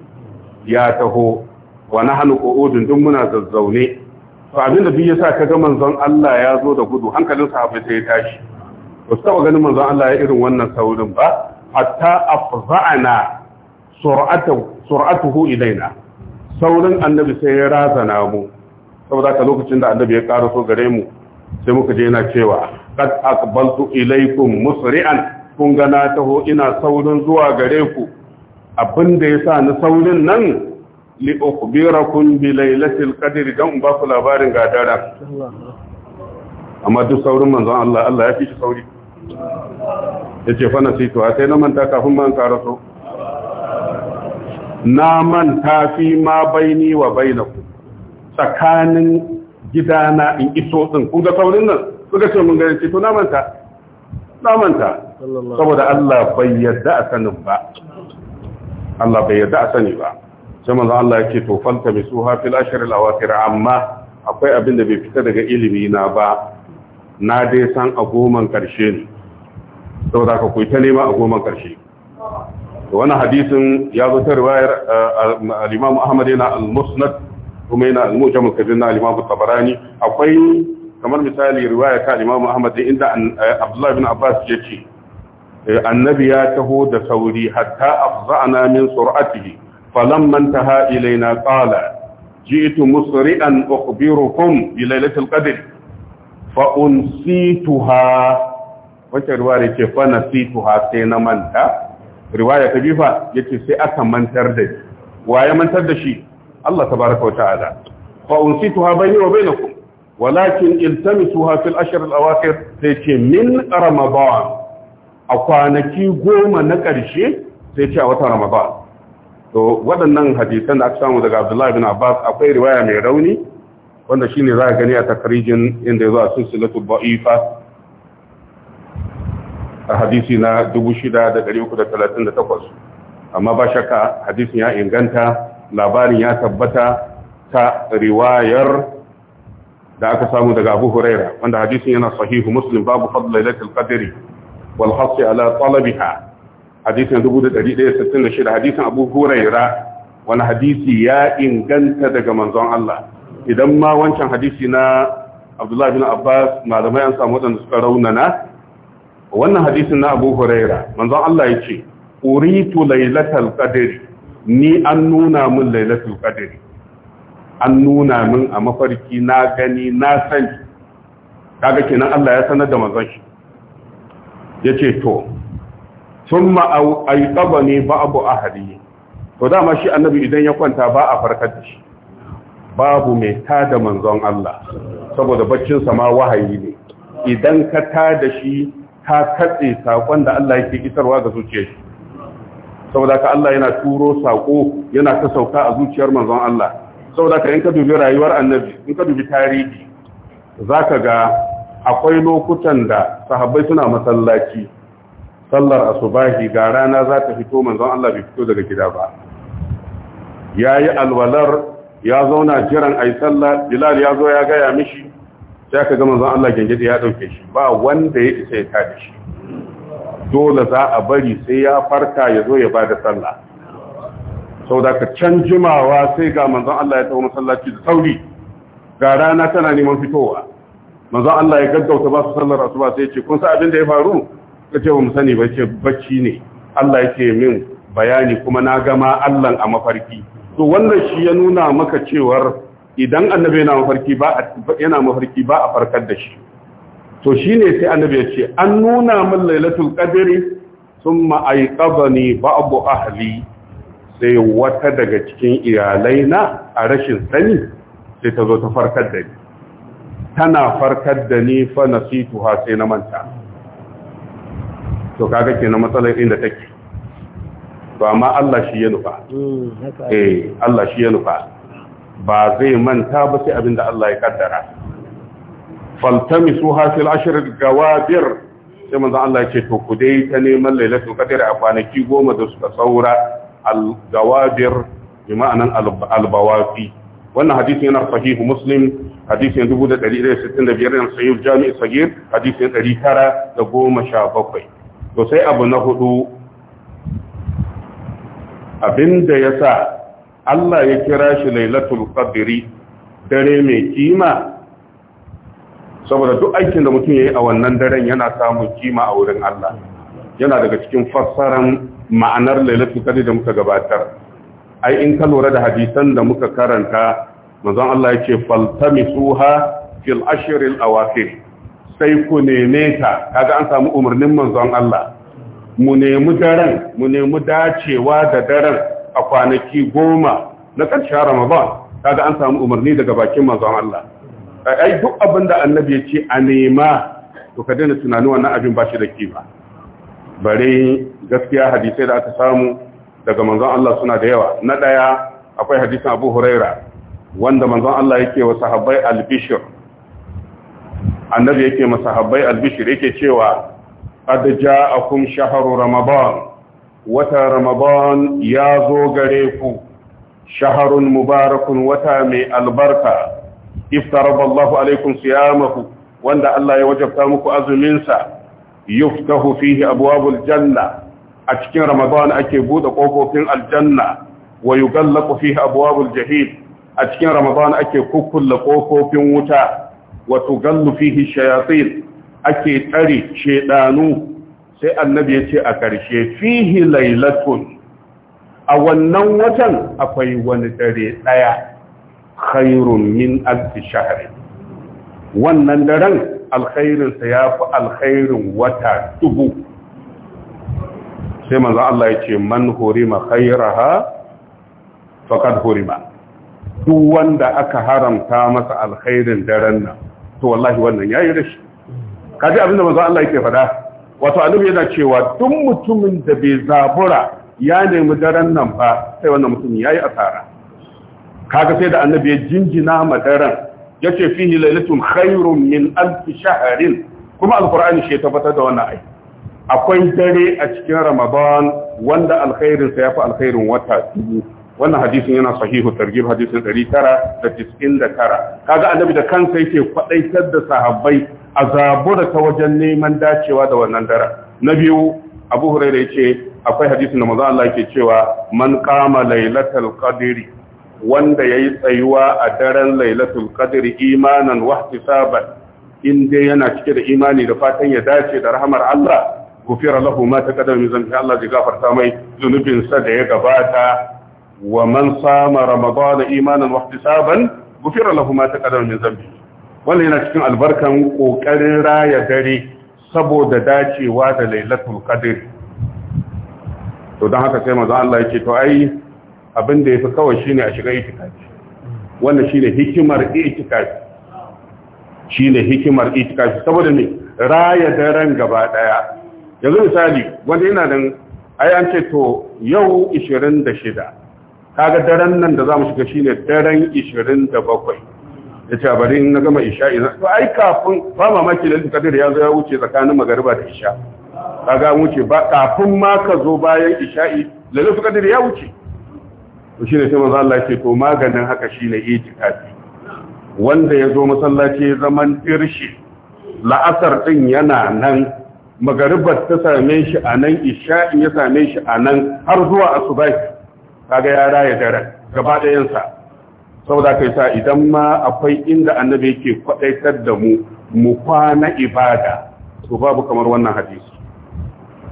ya taho wa nahnu qu'udun dun muna zazzaune to abin da sa ka ga manzon Allah ya zo da gudu hankalin sahabbai sai ya tashi ba su taba ganin manzon Allah ya irin wannan saurin ba hatta afza'ana sur'atu sur'atuhu ilaina saurin annabi sai ya razana mu saboda ka lokacin da annabi ya karaso gare mu sai muka je yana cewa qad aqbaltu ilaykum musri'an kun ga na taho ina saurin zuwa gare ku abinda yasa ni saurin nan li kun bi lailatil qadr dan ba ku labarin ga amma duk saurin manzon Allah Allah ya fi shi sauri yace fa na sito sai na manta kafin man karaso na manta fi ma baini wa bainakum tsakanin gidana in iso din kun ga saurin nan suka ce mun gani ce to na manta saboda Allah bai yarda a sanin ba Allah bai yarda a sani ba sai manzo Allah yake to falta bi suha fil ashr al awakhir amma akwai abin da bai fita daga ilimi na ba na dai san a goman karshe ne saboda ka kuita nema a goman karshe wannan hadisin ya zo ta riwayar eh, al-Imam Ahmad yana al-Musnad kuma yana al-Mujam al-Kabir na al-Imam Tabarani akwai kamar misali riwaya ta Imam Ahmad inda eh, Abdullahi bin Abbas ce eh, annabi ya taho da sauri hatta afza'na min sur'atihi falamma intaha ilaina qala ji'tu musri'an ukhbirukum bi lailatul qadr fa unsituha wacce riwaya ce, fa nasituha sai na manta riwaya ta bifa yace sai aka mantar da shi waye mantar da shi Allah tabaaraka wa ta'ala fa unsituha bayni wa bainakum walakin iltamisuha fil ashr al awakhir sai ce min ramadan a kwanaki goma na ƙarshe sai ce a wata ramadan to waɗannan hadisan da aka samu daga Abdullahi bin Abbas akwai riwaya mai rauni wanda shine za a gani a takarijin inda ya zo a silsilatu ba'ifa a hadisi na 6338 amma ba shakka hadisin ya inganta labarin ya tabbata ta riwayar da aka samu daga Abu Huraira wanda hadisin yana sahihu Muslim babu fadl lailatul qadri wal hass ala talabiha hadisin 1166 hadisin Abu Huraira wani hadisi ya inganta daga manzon Allah idan ma wancan hadisi na Abdullah bin Abbas malamai an samu wadanda suka raunana wannan hadisin na Abu Huraira manzon Allah yace uritu lailatul qadri ni an nuna min lailatul qadri an nuna min a mafarki na gani na sani kaga kenan Allah ya sanar da manzon shi yace to thumma ayqabani babu ahadi to dama shi annabi idan ya kwanta ba a farkar da shi babu mai tada manzon Allah saboda baccin sa ma wahayi ne idan ka tada shi ka katse sakon da Allah yake isarwa ga zuciyar shi saboda ka Allah yana turo sako yana ta sauka a zuciyar manzon Allah saboda ka yin ka dubi rayuwar annabi in ka dubi tarihi za ka ga akwai lokutan da sahabbai suna masallaci sallar asubahi ga rana za ta fito manzon Allah bai fito daga gida ba ya yi alwalar ya zauna jiran a yi sallah bilal ya zo ya gaya mishi sai ka ga manzon Allah gengede ya ɗauke shi ba wanda ya isa ya tada shi dole za a bari sai ya farka ya zo ya bada sallah da ka can jimawa sai ga manzon Allah ya tsawo masallaci da sauri ga rana tana neman fitowa manzon Allah ya gaggauta ba su sallar asuba sai ce kun sa abin da ya faru ce ba mu sani ba ce bacci ne Allah yake min bayani kuma na gama Allah a mafarki to wannan shi ya nuna maka cewar idan annabi yana mafarki ba a farkar da shi to shine sai annabi ya ce an nuna min lailatul qadri thumma ayqadani ba'd ahli sai wata daga cikin iyalai na a rashin sani sai ta zo ta farkar da ni tana farkar da ni fa nasituha sai na manta to kaga kenan matsalar inda take to amma Allah shi ya nufa mm, eh Allah shi ya nufa ba zai manta ba sai abinda Allah ya kaddara faltamisuha fil ashr gawadir sai manzo Allah ya ce to ku dai ta neman lailatul qadr a kwanaki goma da suka saura al-gawadir bi ma'anan al-bawafi wannan hadisin yana sahihu muslim hadisin 1165 yana sahih jami'i sagir hadisin 917 to sai abu na hudu abinda yasa Allah ya kira shi lailatul qadri dare mai kima saboda duk aikin da mutum yayi a wannan daren yana samun kima a wurin Allah yana daga cikin fassaran ma'anar lailatul qadr da muka gabatar ai in ka lura da hadisan da muka karanta manzon Allah yake faltamisuha fil ashr al awakhir sai ku neme ta kaga an samu umarnin manzon Allah mu nemi daren mu nemi dacewa da daren a kwanaki goma na karshen Ramadan kaga an samu umarni daga bakin manzon Allah ai duk abin da annabi ya ce a nema to ka daina tunani wannan abin ba shi da kima bare gaskiya hadisai da aka samu daga manzon Allah suna da yawa na daya akwai hadisin Abu Huraira wanda manzon Allah yake wa sahabbai al-bishr annabi yake ma sahabbai al-bishr yake cewa qad shahru ramadan wata ramadan ya zo gare ku shaharun mubarakun wata mai albarka iftaraba Allahu alaikum siyamahu wanda Allah ya wajabta muku azuminsa yuftahu fihi abwabul janna a cikin ramadan ake bude kofofin aljanna wa yughallaqu fiha abwabul a cikin ramadan ake kukkulla kofofin wuta wa tughallu fihi shayatin ake tsare shedanu sai annabi yace a ƙarshe fihi lailatun a wannan watan akwai wani dare daya khairun min alfi shahri wannan daren alkhairinsa ya fi alkhairin wata dubu sai manzo Allah ya ce man hurima khairaha faqad hurima duk wanda aka haramta masa alkhairin daren nan to wallahi wannan yayi rashi kaji abinda manzo Allah yake faɗa wato annabi yana cewa duk mutumin da bai zabura ya nemi daren nan ba sai wannan mutum yayi asara kaga sai da annabi ya jinjina ma daren yace fihi lailatun khairun min alf shahrin kuma alqur'ani shi ya tabbatar da wannan ayi akwai dare a cikin ramadan wanda alkhairinsa ya fi alkhairin wata wannan hadisin yana sahihu targib hadisin 999 kaga annabi da kansa yake kwadaitar da sahabbai a zaboda ta wajen neman dacewa da wannan dara na biyu abu huraira yace akwai hadisin da manzo Allah yake cewa man qama lailatul qadri wanda yayi tsayuwa a daren lailatul qadri imanan wa ihtisaban in dai yana cike da imani da fatan ya dace da rahmar Allah gufira lahu ma taqaddama min dhanbi Allah ji gafarta mai zunubin sa da ya gabata wa man sama ramadana imanan wa ihtisaban gufira lahu ma taqaddama min dhanbi wannan yana cikin albarkan kokarin raya dare saboda dacewa da lailatul qadr to dan haka sai manzo Allah yake to ai abin da yafi kawai shine a shiga itikafi wannan shine hikimar itikafi shine hikimar itikafi saboda me raya daren gaba daya yanzu misali wani yana nan ai an ce to yau 26 kaga daren nan da zamu shiga shine daren 27 yace bari in na gama isha idan to ai kafin ba mamaki da kadir ya zo ya wuce tsakanin magariba da isha kaga wuce ba kafin ma ka zo bayan isha'i lalle kadir ya wuce to shine sai manzo Allah yake to maganin haka shine itikafi wanda ya zo masallaci zaman tirshi la'asar din yana nan magaribar ta same shi a nan isha'in ya same shi a nan har zuwa asubai kaga ya raya gaba ɗayansa saboda kai sa idan ma akwai inda annabi yake kwadaitar da mu mu kwana ibada to babu kamar wannan hadisi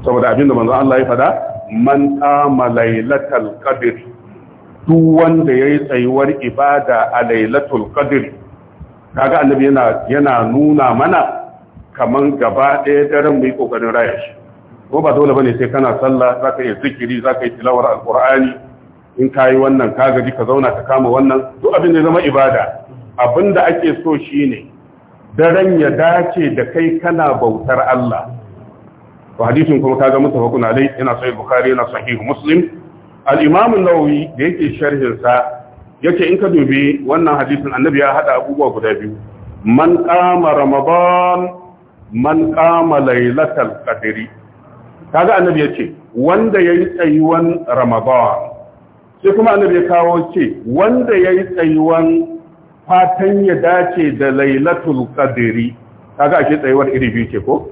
saboda abinda manzo Allah ya fada man ta malailatul qadr duk wanda yayi tsayuwar ibada a lailatul qadr kaga annabi yana yana nuna mana kaman gaba ɗaya daren mai yi ƙoƙarin raya shi ko ba dole bane sai kana sallah ka yi zikiri za ka yi tilawar Alƙur'ani. in ka yi wannan ka gaji ka zauna ka kama wannan duk abin da zama ibada abinda ake so shine daren ya dace da kai kana bautar Allah to hadisin kuma kaga mutafakun alai yana sahih bukhari yana sahih muslim al-imam da yake sharhinsa sa yace in ka dubi wannan hadisin annabi ya haɗa abubuwa guda biyu man qama ramadan man kama lailatul qadri kaga annabi yace wanda yayi tsayuwan ramadan sai kuma annabi ya kawo ce wanda yayi tsayuwan fatan ya dace da lailatul qadri kaga ake tsayuwar iri biyu ce ko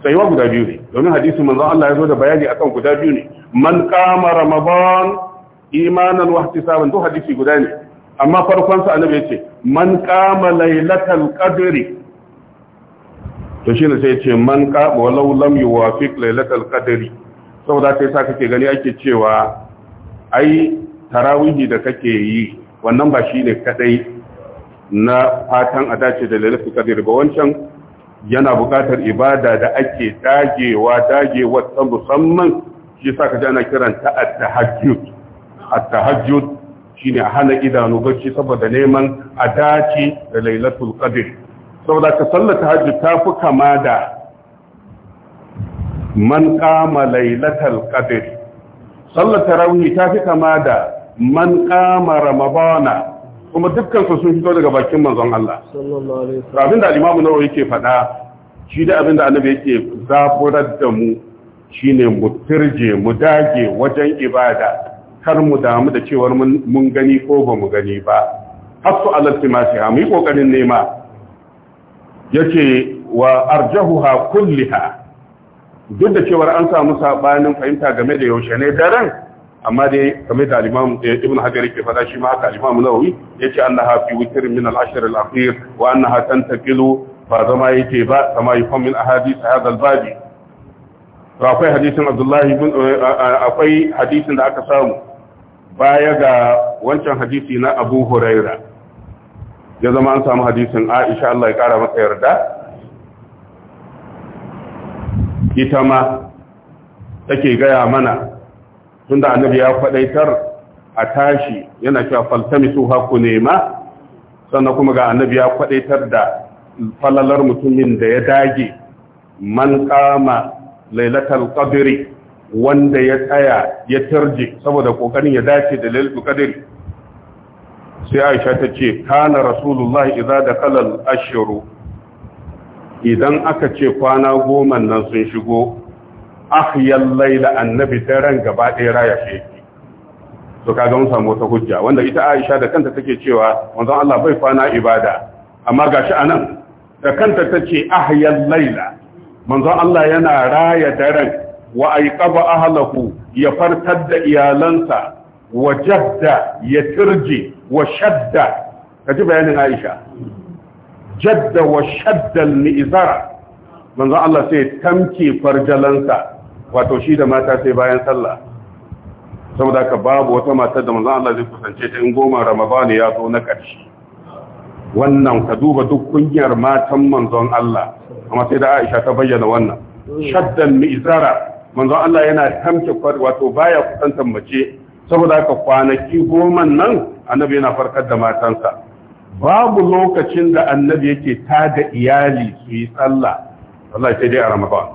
tsayuwa guda biyu ne domin hadisi manzo Allah ya zo da bayani akan guda biyu ne man kama ramadan imanan wa ihtisaban to hadisi guda ne amma farkon sa annabi yace man kama lailatul qadri to shine sai ce man ka walau lam yuwafiq lailatul qadri saboda sai sa kake gani ake cewa ai tarawihi da kake yi wannan ba shine kadai na fatan a dace da lailatul qadri ba wancan yana buƙatar ibada da ake dagewa dagewa ta musamman shi sa kaji ana kiranta at-tahajjud at-tahajjud shine hana idanu bacci saboda neman a dace da lailatul qadri saboda ka sallata hajji ta fi kama da man kama lailatul qadr sallata rauni ta fi kama da man kama ramadana kuma dukkan sun fito daga bakin manzon Allah sallallahu alaihi wasallam abinda al-imamu nawawi yake faɗa shi da abinda annabi yake zaburar da mu shine mu turje mu dage wajen ibada kar mu damu da cewar mun gani ko ba mu gani ba hasu alal timasi mu yi kokarin nema yace wa arjahuha kulliha duk da cewar an samu sabanin fahimta game da yaushe ne daren amma dai game da al-Imam eh, Ibn Hajar yake fada shi ma haka al-Imam Nawawi yace annaha fi witr min al-ashr al-akhir wa annaha tantaqilu ba zama yake ba kama yufam min ahadith hadha al-bab akwai hadisin Abdullahi ibn eh, eh, akwai hadisin da aka samu baya ga wancan hadisi na Abu hurairah ya zama an samu hadisin aisha Allah ya kara masa yarda ita ma take gaya mana tunda annabi ya faɗaitar a tashi yana cewa faltamisu haku nema sannan kuma ga annabi ya faɗaitar da falalar mutumin da ya dage man kama lailatul qadri wanda ya tsaya ya tarje saboda kokarin ya dace da lailatul qadri sai aisha ta ce kana rasulullahi idza dakala al-ashru idan aka ce kwana goma nan sun shigo ahyal laila annabi daren gaba ɗaya raya sheki to kaga mun samu wata hujja wanda ita aisha da kanta take cewa manzon Allah bai kwana ibada amma gashi anan da kanta tace ahyal laila manzon Allah yana raya daren wa aiqaba ahlahu ya fartar da iyalansa wa jadda ya turje wa shadda ji bayanin Aisha jadda wa shadda al-izara manzo Allah sai tamke farjalansa wato shi da mata sai bayan sallah saboda ka babu wata matar da manzo Allah zai kusance ta in goma Ramadan ya zo na ƙarshe wannan ka duba duk kungiyar matan manzon Allah amma sai da Aisha ta bayyana wannan shaddan mi'zara manzon Allah yana tamke wato baya kusantar mace saboda haka kwanaki goma nan annabi yana farkar da matansa babu lokacin da annabi yake tada iyali su yi tsalla. Allah sai dai a Ramadan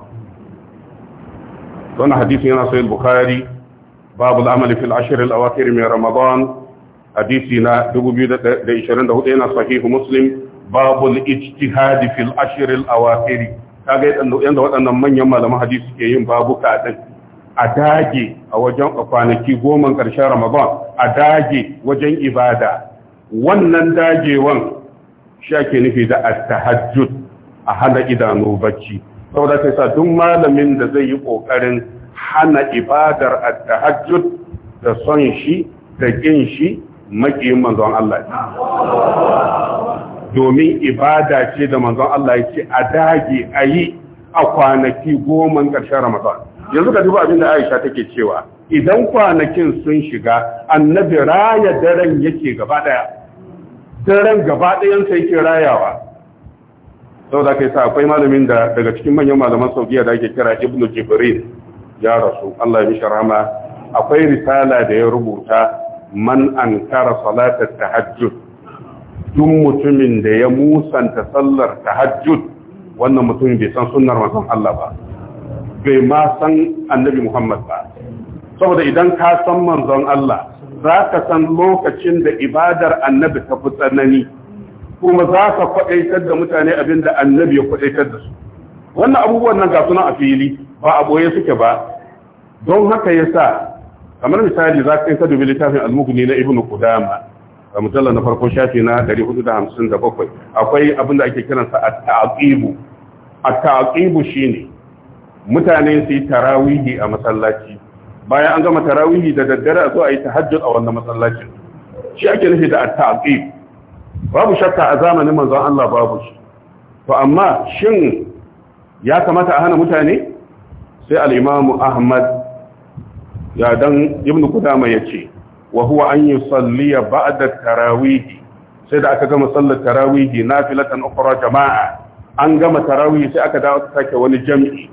wannan hadisi yana sahih Bukhari babu al-amal fi al-ashr al-awakhir min Ramadan hadisi na 2024 yana sahihu Muslim babu al-ijtihad fi al-ashr al-awakhir yanda waɗannan manyan malaman hadisi ke yin babu kaɗan a dage a wajen kwanaki goma ƙarshen Ramadan a dage wajen ibada wannan dagewan shi ake nufi da at-tahajjud a hana idanu bacci saboda kai sa duk malamin da zai yi kokarin hana ibadar at-tahajjud da son shi da kin shi makiyin manzon Allah domin ibada ce da manzon Allah ya ce a dage a yi a kwanaki goma ƙarshen Ramadan yanzu ka duba abin da Aisha take cewa idan kwanakin sun shiga annabi raya daren yake gaba daya daren gaba dayan sai yake rayawa saboda kai sa akwai malamin da daga cikin manyan malaman Saudiya da ake kira Ibn Jibril ya rasu Allah ya mishi rama akwai risala da ya rubuta man salata salatat tahajjud duk mutumin da ya musanta sallar tahajjud wannan mutumin bai san sunnar manzon Allah ba bai ma san annabi Muhammad ba saboda idan ka san manzon Allah za ka san lokacin da ibadar annabi ta fi tsanani kuma za ka kwaɗaitar da mutane abin da annabi ya kwaɗaitar da su wannan abubuwan nan ga suna a fili ba a ɓoye suke ba don haka ya sa kamar misali za ka yi ka dubi littafin almuguni na ibnu kudama a mujallar na farko shafi na 457 akwai abin da ake kiransa a taaƙibu. a shi shine mutane su yi tarawihi a masallaci bayan an gama tarawihi da daddare a zo a yi tahajjud a wannan masallacin shi ake nufi da at babu shakka a zamanin manzon Allah babu shi to amma shin ya kamata a hana mutane sai al Ahmad ya dan ma ya ce, wa huwa an yusalli da tarawihi? sai da aka gama sallar tarawih nafilatan ukhra jama'a an gama tarawihi sai aka dawo sake wani jami'i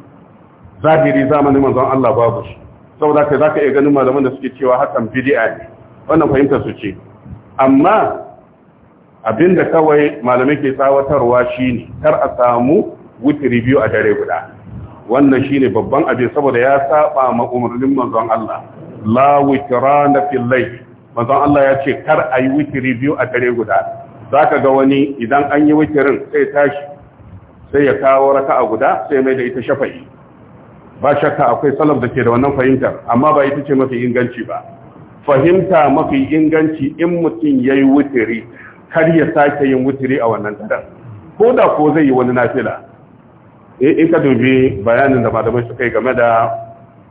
zahiri zamanin manzon Allah babu shi saboda kai zaka iya ganin malaman da suke cewa hakan bid'a ne wannan fahimta su ce amma abinda kawai malamai ke tsawatarwa shine kar a samu witri biyu a dare guda wannan shine babban abin saboda ya saba ma umarnin manzon Allah la witrana fil layl manzon Allah ya ce kar a yi witiri biyu a dare guda zaka ga wani idan an yi witirin sai tashi sai ya kawo raka'a guda sai mai da ita shafa'i ba shakka akwai salaf da ke da wannan fahimtar amma ba ita ce mafi inganci ba fahimta mafi inganci in mutum ya yi wutiri kar ya sake yin wutiri a wannan daren ko da ko zai yi wani nafila eh, in ka dubi bayanin da malamai suka kai game da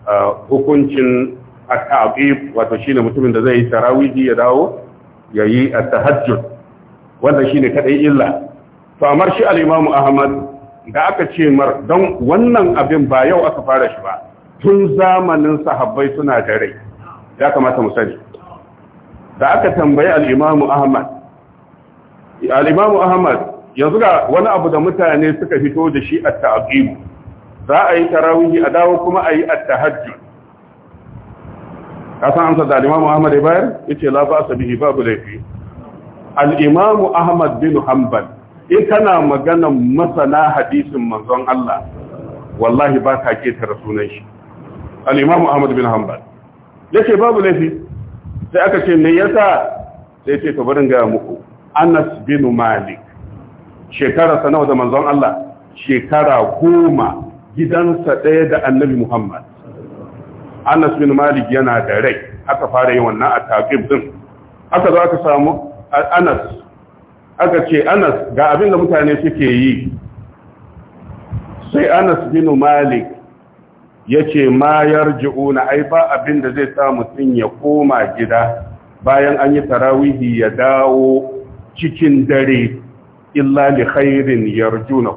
eh, hukuncin at-ta'qib wato shine mutumin da zai yi tarawiji ya dawo yayi at-tahajjud wanda shine kadai illa to amar shi al-imamu ahmad da aka ce mar don wannan abin ba yau aka fara shi ba tun zamanin sahabbai suna da rai ya kamata mu sani da aka tambayi al'imamu ahmad al'imamu ahmad yanzu ga wani abu da mutane suka fito da shi a ta'aqibu za a yi tarawihi a dawo kuma a yi at-tahajjud ka san amsa da al'imamu ahmad ya bayar yace la ba sa bihi babu laifi al'imamu ahmad bin hanbal in kana maganan masana hadisin manzon Allah wallahi ba ka ketare sunan shi al-imamu Ahmad bin Hanbal yace babu laifi sai aka ce me yasa sai ce to barin ga muku Anas bin Malik shekara sanawa da manzon Allah shekara goma gidansa ɗaya da annabi Muhammad Anas bin Malik yana da rai aka fara yin wannan a taqib din aka zo aka samu Anas aka ce anas ga abin da mutane suke yi sai anas bin malik ya ce ma yarji'una ai ba abin da zai sa mutum ya koma gida bayan an yi tarawihi ya dawo cikin dare illa li khairin yarjuna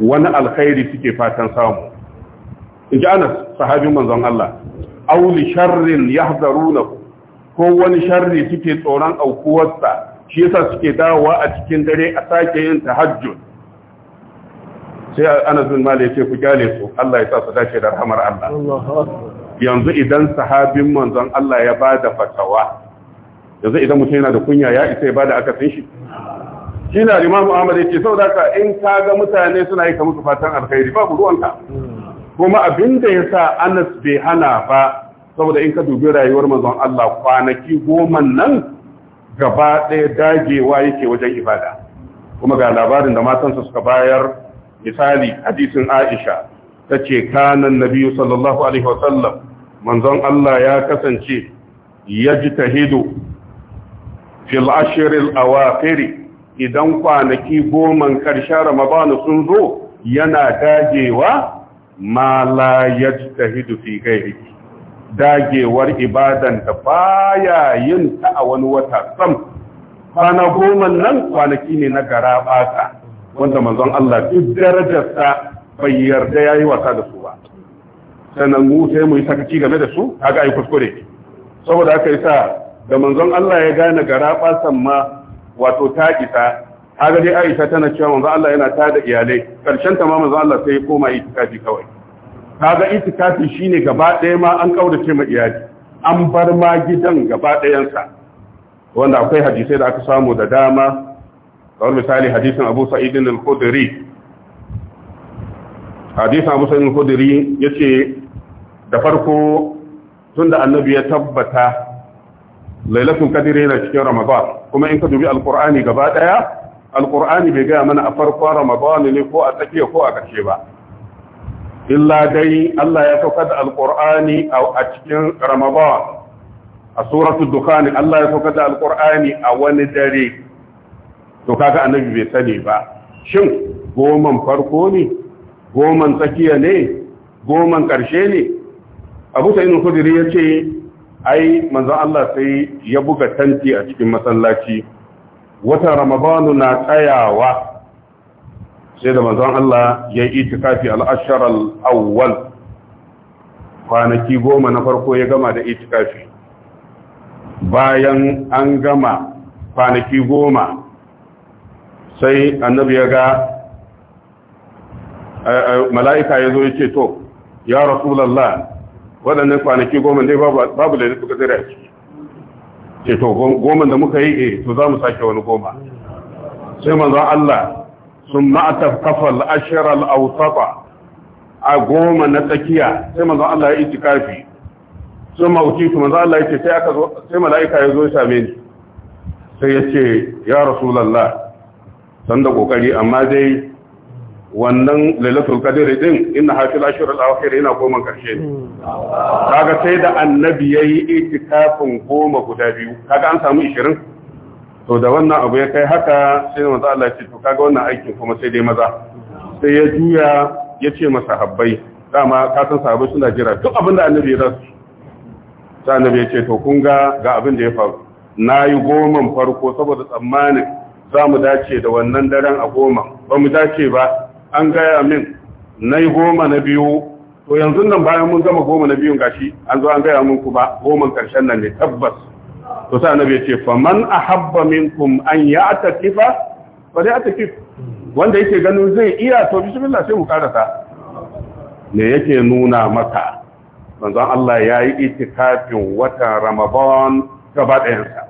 wani alkhairi suke fatan samu in anas sahabin manzon Allah auli sharrin yahzaruna ko wani sharri suke tsoron aukuwarsa shi yasa suke dawowa a cikin dare a sake yin tahajjud sai Anas bin Malik ce ku gale su Allah ya sa su dace da rahmar Allah yanzu idan sahabin manzon Allah ya bada fatawa yanzu idan mutum yana da kunya ya isa ya bada aka san shi shi na Imam Ahmad yace saboda in ka ga mutane suna yi ka musu fatan alkhairi ba ku ruwanka kuma abinda yasa Anas bai hana ba saboda in ka dubi rayuwar manzon Allah kwanaki goma nan gaba ɗaya dagewa yake wajen ibada kuma ga labarin da matansa suka bayar misali hadisin Aisha tace kanan nabiyyu sallallahu alaihi wasallam manzon Allah ya kasance yajtahidu fil ashr awafiri idan kwanaki goman karshen Ramadan sun zo yana dagewa ma la yajtahidu fi ghairihi dagewar ibadan da baya yin ta a wani wata sam kwana goma nan kwanaki ne na gara bata wanda manzon Allah duk darajarsa bai yarda yayi wasa da su ba sannan mu sai mu yi sakaci game da su kaga ai kuskure saboda haka yasa da manzon Allah ya gane gara basan ma wato ta isa kaga dai Aisha tana cewa manzon Allah yana tada iyalai karshen ta ma manzon Allah sai ya koma itikafi kawai kaga itikafi shine gaba ɗaya ma an kaurace ma iyali an bar ma gidan gaba ɗayansa wanda akwai hadisai da aka samu da dama kawar misali hadisin abu sa'idin al-khudri hadisin abu al-khudri yace da farko tunda annabi ya tabbata lailatul kadiri na cikin ramadan kuma in ka dubi alkur'ani gaba ɗaya bai gaya mana a farkon ramadan ne ko a tsakiya ko a ƙarshe ba illa dai Allah ya saukar da Alƙur'ani a cikin ramadan a suratul dukhan Allah ya saukar da Alƙur'ani a wani dare to kaga annabi bai sani ba shin goman farko ne goman tsakiya ne goman karshe ne Abu Sa'id al-Khudri ce, ai manzon Allah sai ya buga tanti a cikin masallaci wata ramadanu na tsayawa sai da manzon Allah ya yi itikafi al-ashar al-awwal kwanaki goma na farko ya gama da itikafi bayan an gama kwanaki goma sai annabi ya ga mala'ika ya zo ya ce to ya rasulallah waɗannan kwanaki goma ne babu da suka zira ciki ce to goma da muka yi e to za mu sake wani goma sai manzon Allah sun ma'atar kafal ashirar autaba a goma na tsakiya sai manzon Allah ya iti kafi sun mauki su manzon Allah ya ce sai mala'ika ya zo same ni sai ya ce ya rasulallah san da kokari amma dai wannan lailatul qadr din ina hafi ashur al akhir ina goma karshe ne kaga sai da annabi yayi itikafin goma guda biyu kaga an samu 20 to da wannan abu ya kai haka sai da maza Allah ya ce to kaga wannan aikin kuma sai dai maza sai ya juya ya ce masa habbai dama kasan sahabai suna jira duk abin da annabi ya rasu sai annabi ya ce to kun ga ga abin da ya faru Na yi goman farko saboda tsammanin za mu dace da wannan daren a goma ba mu dace ba an gaya min na yi goma na biyu to yanzu nan bayan mun gama goma na biyun gashi an zo an gaya min kuma goman karshen nan ne tabbas to sai annabi ya ce faman ahabba minkum an ya'takifa fa da ya'takif wanda yake ganin zai iya to bismillah sai mu karata. me yake nuna maka manzon Allah ya yi itikafin wata Ramadan gaba ɗayansa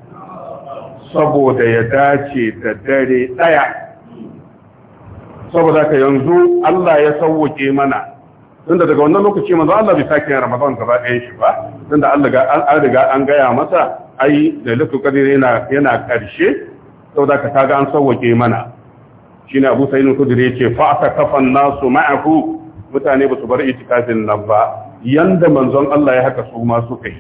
saboda ya dace da dare ɗaya saboda ka yanzu Allah ya sauwake mana tunda daga wannan lokaci manzo Allah bai sake Ramadan gaba ɗayan shi ba tunda Allah ga an riga an gaya masa ai lailatul qadr yana yana karshe saboda ka kaga an sauwake mana shine Abu Sa'id al-Khudri yace fa kafan nasu ma'ahu mutane ba su bar itikafin nan ba yanda manzon Allah ya haka su ma su yi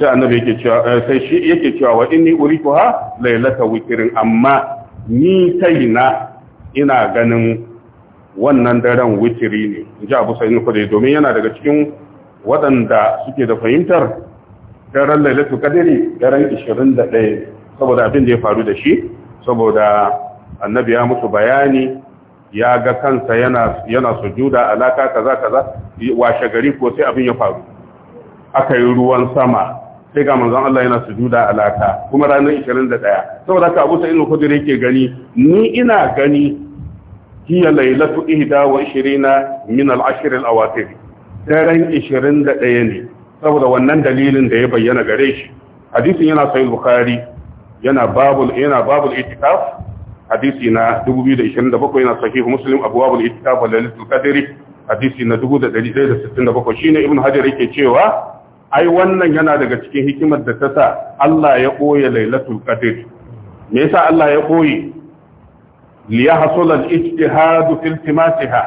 sai annabi yake cewa eh, sai shi yake cewa wa inni urikuha lailata witrin amma ni kaina ina ganin wannan daren witri ne inji Abu Sa'id al-Khudri domin yana daga cikin waɗanda suke da fahimtar daren lailatul kadiri, daren 21 saboda abin da ya faru da shi saboda annabi ya musu bayani ya ga kansa yana yana sujuda alaka kaza kaza washe gari ko sai abin ya faru aka yi ruwan sama sai ga manzon Allah yana sujuda alaka kuma ranar 21 saboda ka Abu Sa'id al-Khudri yake gani ni ina gani hiya lailatu 21 min al-ashr al-awatir daren 21 ne saboda wannan dalilin da ya bayyana gare shi hadisin yana sahih bukhari yana babul yana babul itikaf hadisi na 2027 yana sahih muslim abwabul itikaf wal lailatul qadri hadisi na 1167 shine ibn hajar yake cewa ai wannan yana daga cikin hikimar da ta sa Allah ya koya lailatul qadr me yasa Allah ya koyi li yahsul al ijtihad fi iltimasiha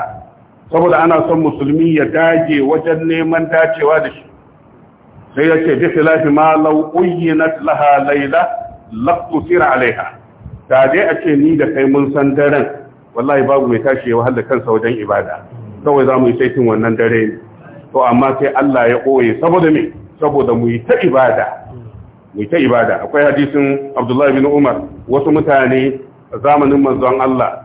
saboda ana son musulmi ya dage wajen neman dacewa da shi sai yace bi khilafi ma law uyyinat laha layla laqtusir alaiha ta dai a ce ni da kai mun san daren wallahi babu mai tashi ya wahala kansa wajen ibada kawai za mu yi saitin wannan dare ne to amma sai Allah ya koye saboda me saboda mu yi ta ibada mu yi ta ibada akwai hadisin Abdullahi bin Umar wasu mutane zamanin manzon Allah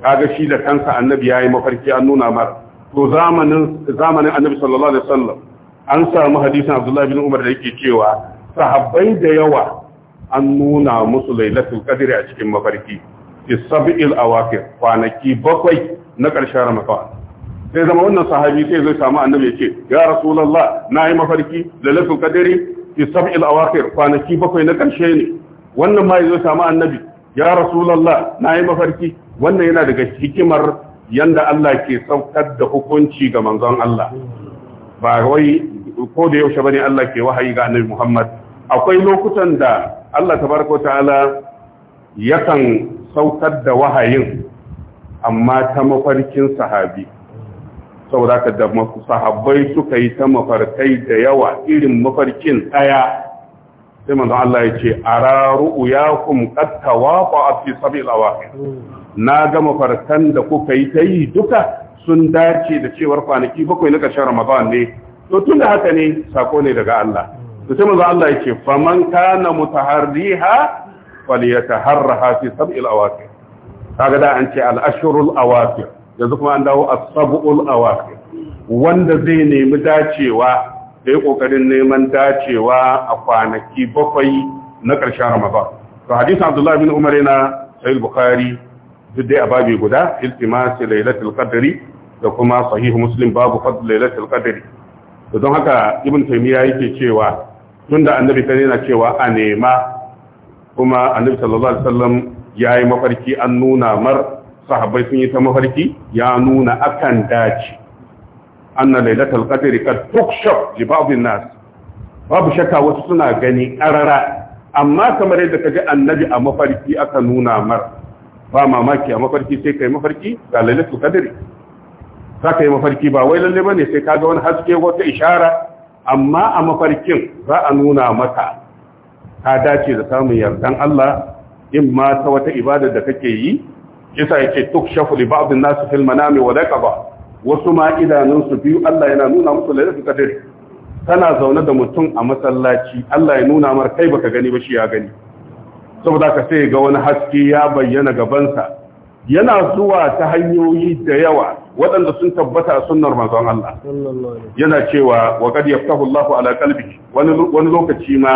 kaga shi da kansa annabi yayi mafarki an nuna mar to zamanin zamanin annabi sallallahu alaihi wasallam an samu hadisin abdullahi bin umar da yake cewa sahabbai da yawa an nuna musu lailatul qadri a cikin mafarki fi sab'il awaqir kwanaki bakwai na ƙarshen ramadan sai zama wannan sahabi sai zai samu annabi yace ya rasulullah nayi mafarki lailatul qadri fi sab'il awaqir kwanaki bakwai na ƙarshe ne wannan ma zai samu annabi ya rasulullah nayi mafarki wannan yana daga hikimar yanda Allah ke saukar da hukunci ga manzon Allah ba wai ko da yaushe bane Allah ke wahayi ga Annabi Muhammad akwai lokutan da Allah tabaraka ta'ala yakan saukar da wahayin amma ta mafarkin sahabi saboda ka da sahabbai suka yi ta mafarkai da yawa irin mafarkin daya sai manzon Allah ya ce araru yakum qad tawaqa fi sabil awaqi hmm. na ga mafarkan da kuka yi ta yi duka sun dace da cewar kwanaki bakwai na ƙarshen Ramadan ne to tun da haka ne sako ne daga Allah Da sai maza Allah ya ce faman kana mutaharriha falyataharraha fi sab'il awaqir Ta da an ce al-ashhurul awaqir yanzu kuma an dawo as-sab'ul awaqir wanda zai nemi dacewa da ya kokarin neman dacewa a kwanaki bakwai na ƙarshen Ramadan to hadisin abdullahi bin Umar yana sayi Bukhari duk dai a babi guda iltimasi lailatul qadri da kuma sahihu muslim babu fadl lailatul qadri to don haka ibn taymiya yake cewa tunda annabi ta yana cewa a nema kuma annabi sallallahu alaihi wasallam yayi mafarki an nuna mar sahabbai sun yi ta mafarki ya nuna akan dace anna lailatul qadri kad tukshaf li ba'd nas babu shakka wasu suna gani arara amma kamar yadda kaje annabi a mafarki aka nuna mar ba mamaki a mafarki sai kai mafarki ga lailatul qadri za ka yi mafarki ba wai lalle bane sai ka ga wani haske wata ishara amma a mafarkin za a nuna maka ka dace da samun yardan Allah in ma ta wata ibada da kake yi kisa yake tuk li ba'd an-nas fil manami wa laqaba wasu ma su biyu Allah yana nuna musu lailatul qadr kana zaune da mutum a masallaci Allah ya nuna mar kai baka gani ba shi ya gani saboda ka sai ga wani haske ya bayyana gabansa yana zuwa ta hanyoyi da yawa waɗanda sun tabbata a sunnar manzon Allah yana cewa wa qad yaftahu Allahu ala qalbi wani lokaci ma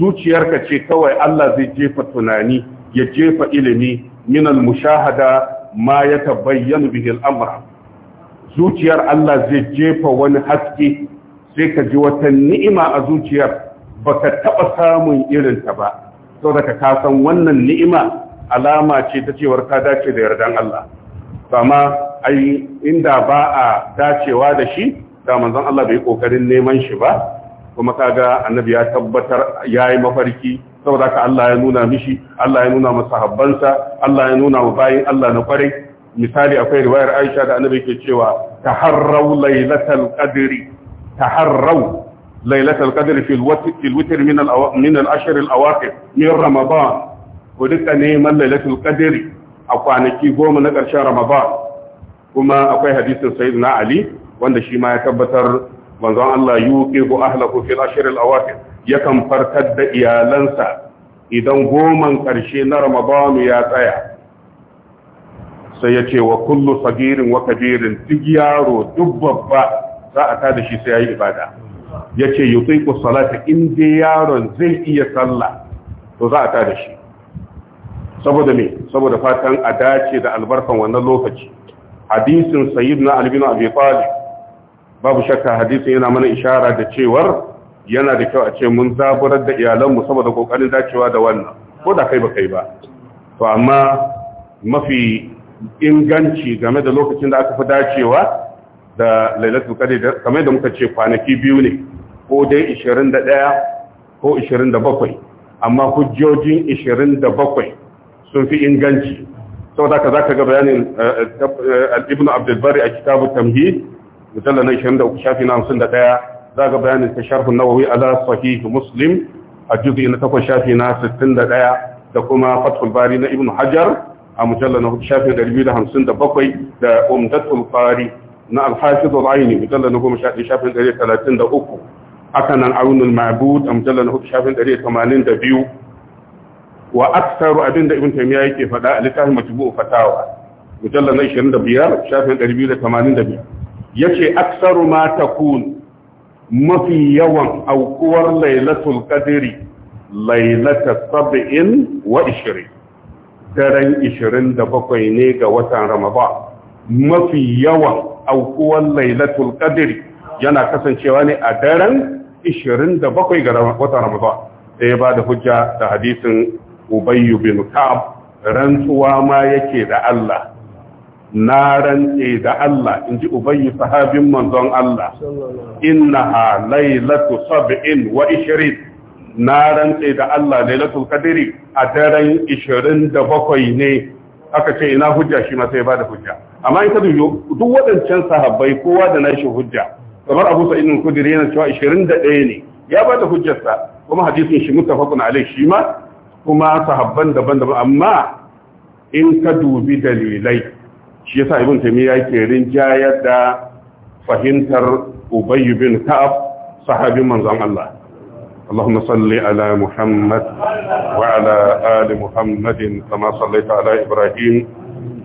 zuciyarka ce kawai Allah zai jefa tunani ya jefa ilimi min al-mushahada ma ya ta bihi al-amr zuciyar Allah zai jefa wani haske sai ka ji wata ni'ima a zuciyar baka taba samun irin ta ba saboda ka san wannan ni'ima alama ce ta cewar ka dace da yardan Allah amma ai inda ba a dacewa da shi da manzon Allah bai kokarin neman shi ba kuma kaga annabi ya tabbatar yayi mafarki saboda ka Allah ya nuna mishi Allah ya nuna masahabbansa Allah ya nuna bayin Allah na kwarai misali akwai riwayar Aisha da annabi ke cewa taharraw lailatal qadri taharraw ليلة القدر في الوتر في a من الأو... من الأشهر الأواخر من رمضان ودك نيما ليلة القدر أقوانكي قوم نكر شهر رمضان كما أقوى حديث سيدنا علي وأن شيما يكبتر manzon Allah yuqibu ahlahu fil ashr al awakhir yakan fartar da iyalansa idan goman karshe na Ramadan ya tsaya sai yace wa kullu sagirin wa kabirin duk yaro duk babba za a tada shi sai yi ibada Ya yace ku salata in dai yaron zai iya sallah to za a ta da shi saboda me saboda fatan a dace da albarkan wannan lokaci hadisin sayyidina ali bin abi talib babu shakka hadisin yana mana ishara da cewar yana da kyau a ce mun zaburar da iyalan mu saboda kokarin dacewa da wannan ko da kai ba kai ba to amma mafi inganci game da lokacin da aka fi dacewa da lailatul qadr kamar da muka ce kwanaki biyu ne ko dai 21 ko 27 amma hujjojin 27 sun fi inganci sau da ka za ka ga bayanin eh, eh, eh, al'ibnu abdulbari a kitabu tamhi mutalla na 23 shafi na 51 za ga bayanin ta sharhun nawawi ala sahihu muslim a juzi na 8 shafi na 61 da kuma fathul na Ibn hajar a mujalla na shafi 257 da umdatul na al-hafiz aini na shafin haka nan aunul ma'bud a mujallar hudu shafin 182 wa aksaru abin da ibn taymiya yake faɗa a littafin majmu'u fatawa mujallar 25 shafin 282 ce aksaru ma takun mafi yawan aukuwar lailatul qadri lailata sab'in wa 20 daren 27 ne ga watan ramadan mafi yawan aukuwar lailatul qadri yana kasancewa ne a daren 27 ga watan Ramadan sai ya bada hujja da hadisin Ubay bin Ka'ab rantsuwa ma yake da Allah na rantse da Allah inji Ubay sahabin manzon Allah innaha lailatu sab'in wa 20 na rantse da Allah lailatul qadri a daren 27 ne aka ce ina hujja shi ma sai ya bada hujja amma in ka duk waɗancan sahabbai kowa da nashi hujja kamar abu sa'id al-khudri yana cewa 21 ne ya ba da hujjarsa kuma hadisin shi muttafaqun alai shi ma kuma sahabban daban-daban amma in ka dubi dalilai shi yasa ibn taymiya yake rinjayar da fahimtar ubay bin ka'ab sahabin manzon Allah اللهم صل على محمد وعلى آل محمد كما صليت على إبراهيم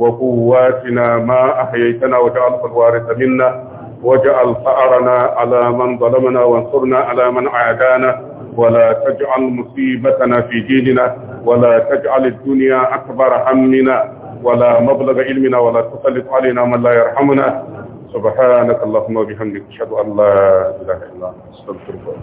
وقواتنا ما أحييتنا وجعل الوارث منا واجعل ثأرنا على من ظلمنا وانصرنا على من عادانا ولا تجعل مصيبتنا في ديننا ولا تجعل الدنيا أكبر همنا ولا مبلغ علمنا ولا تسلط علينا من لا يرحمنا سبحانك اللهم وبحمدك اشهد ان لا اله الا انت استغفرك واتوب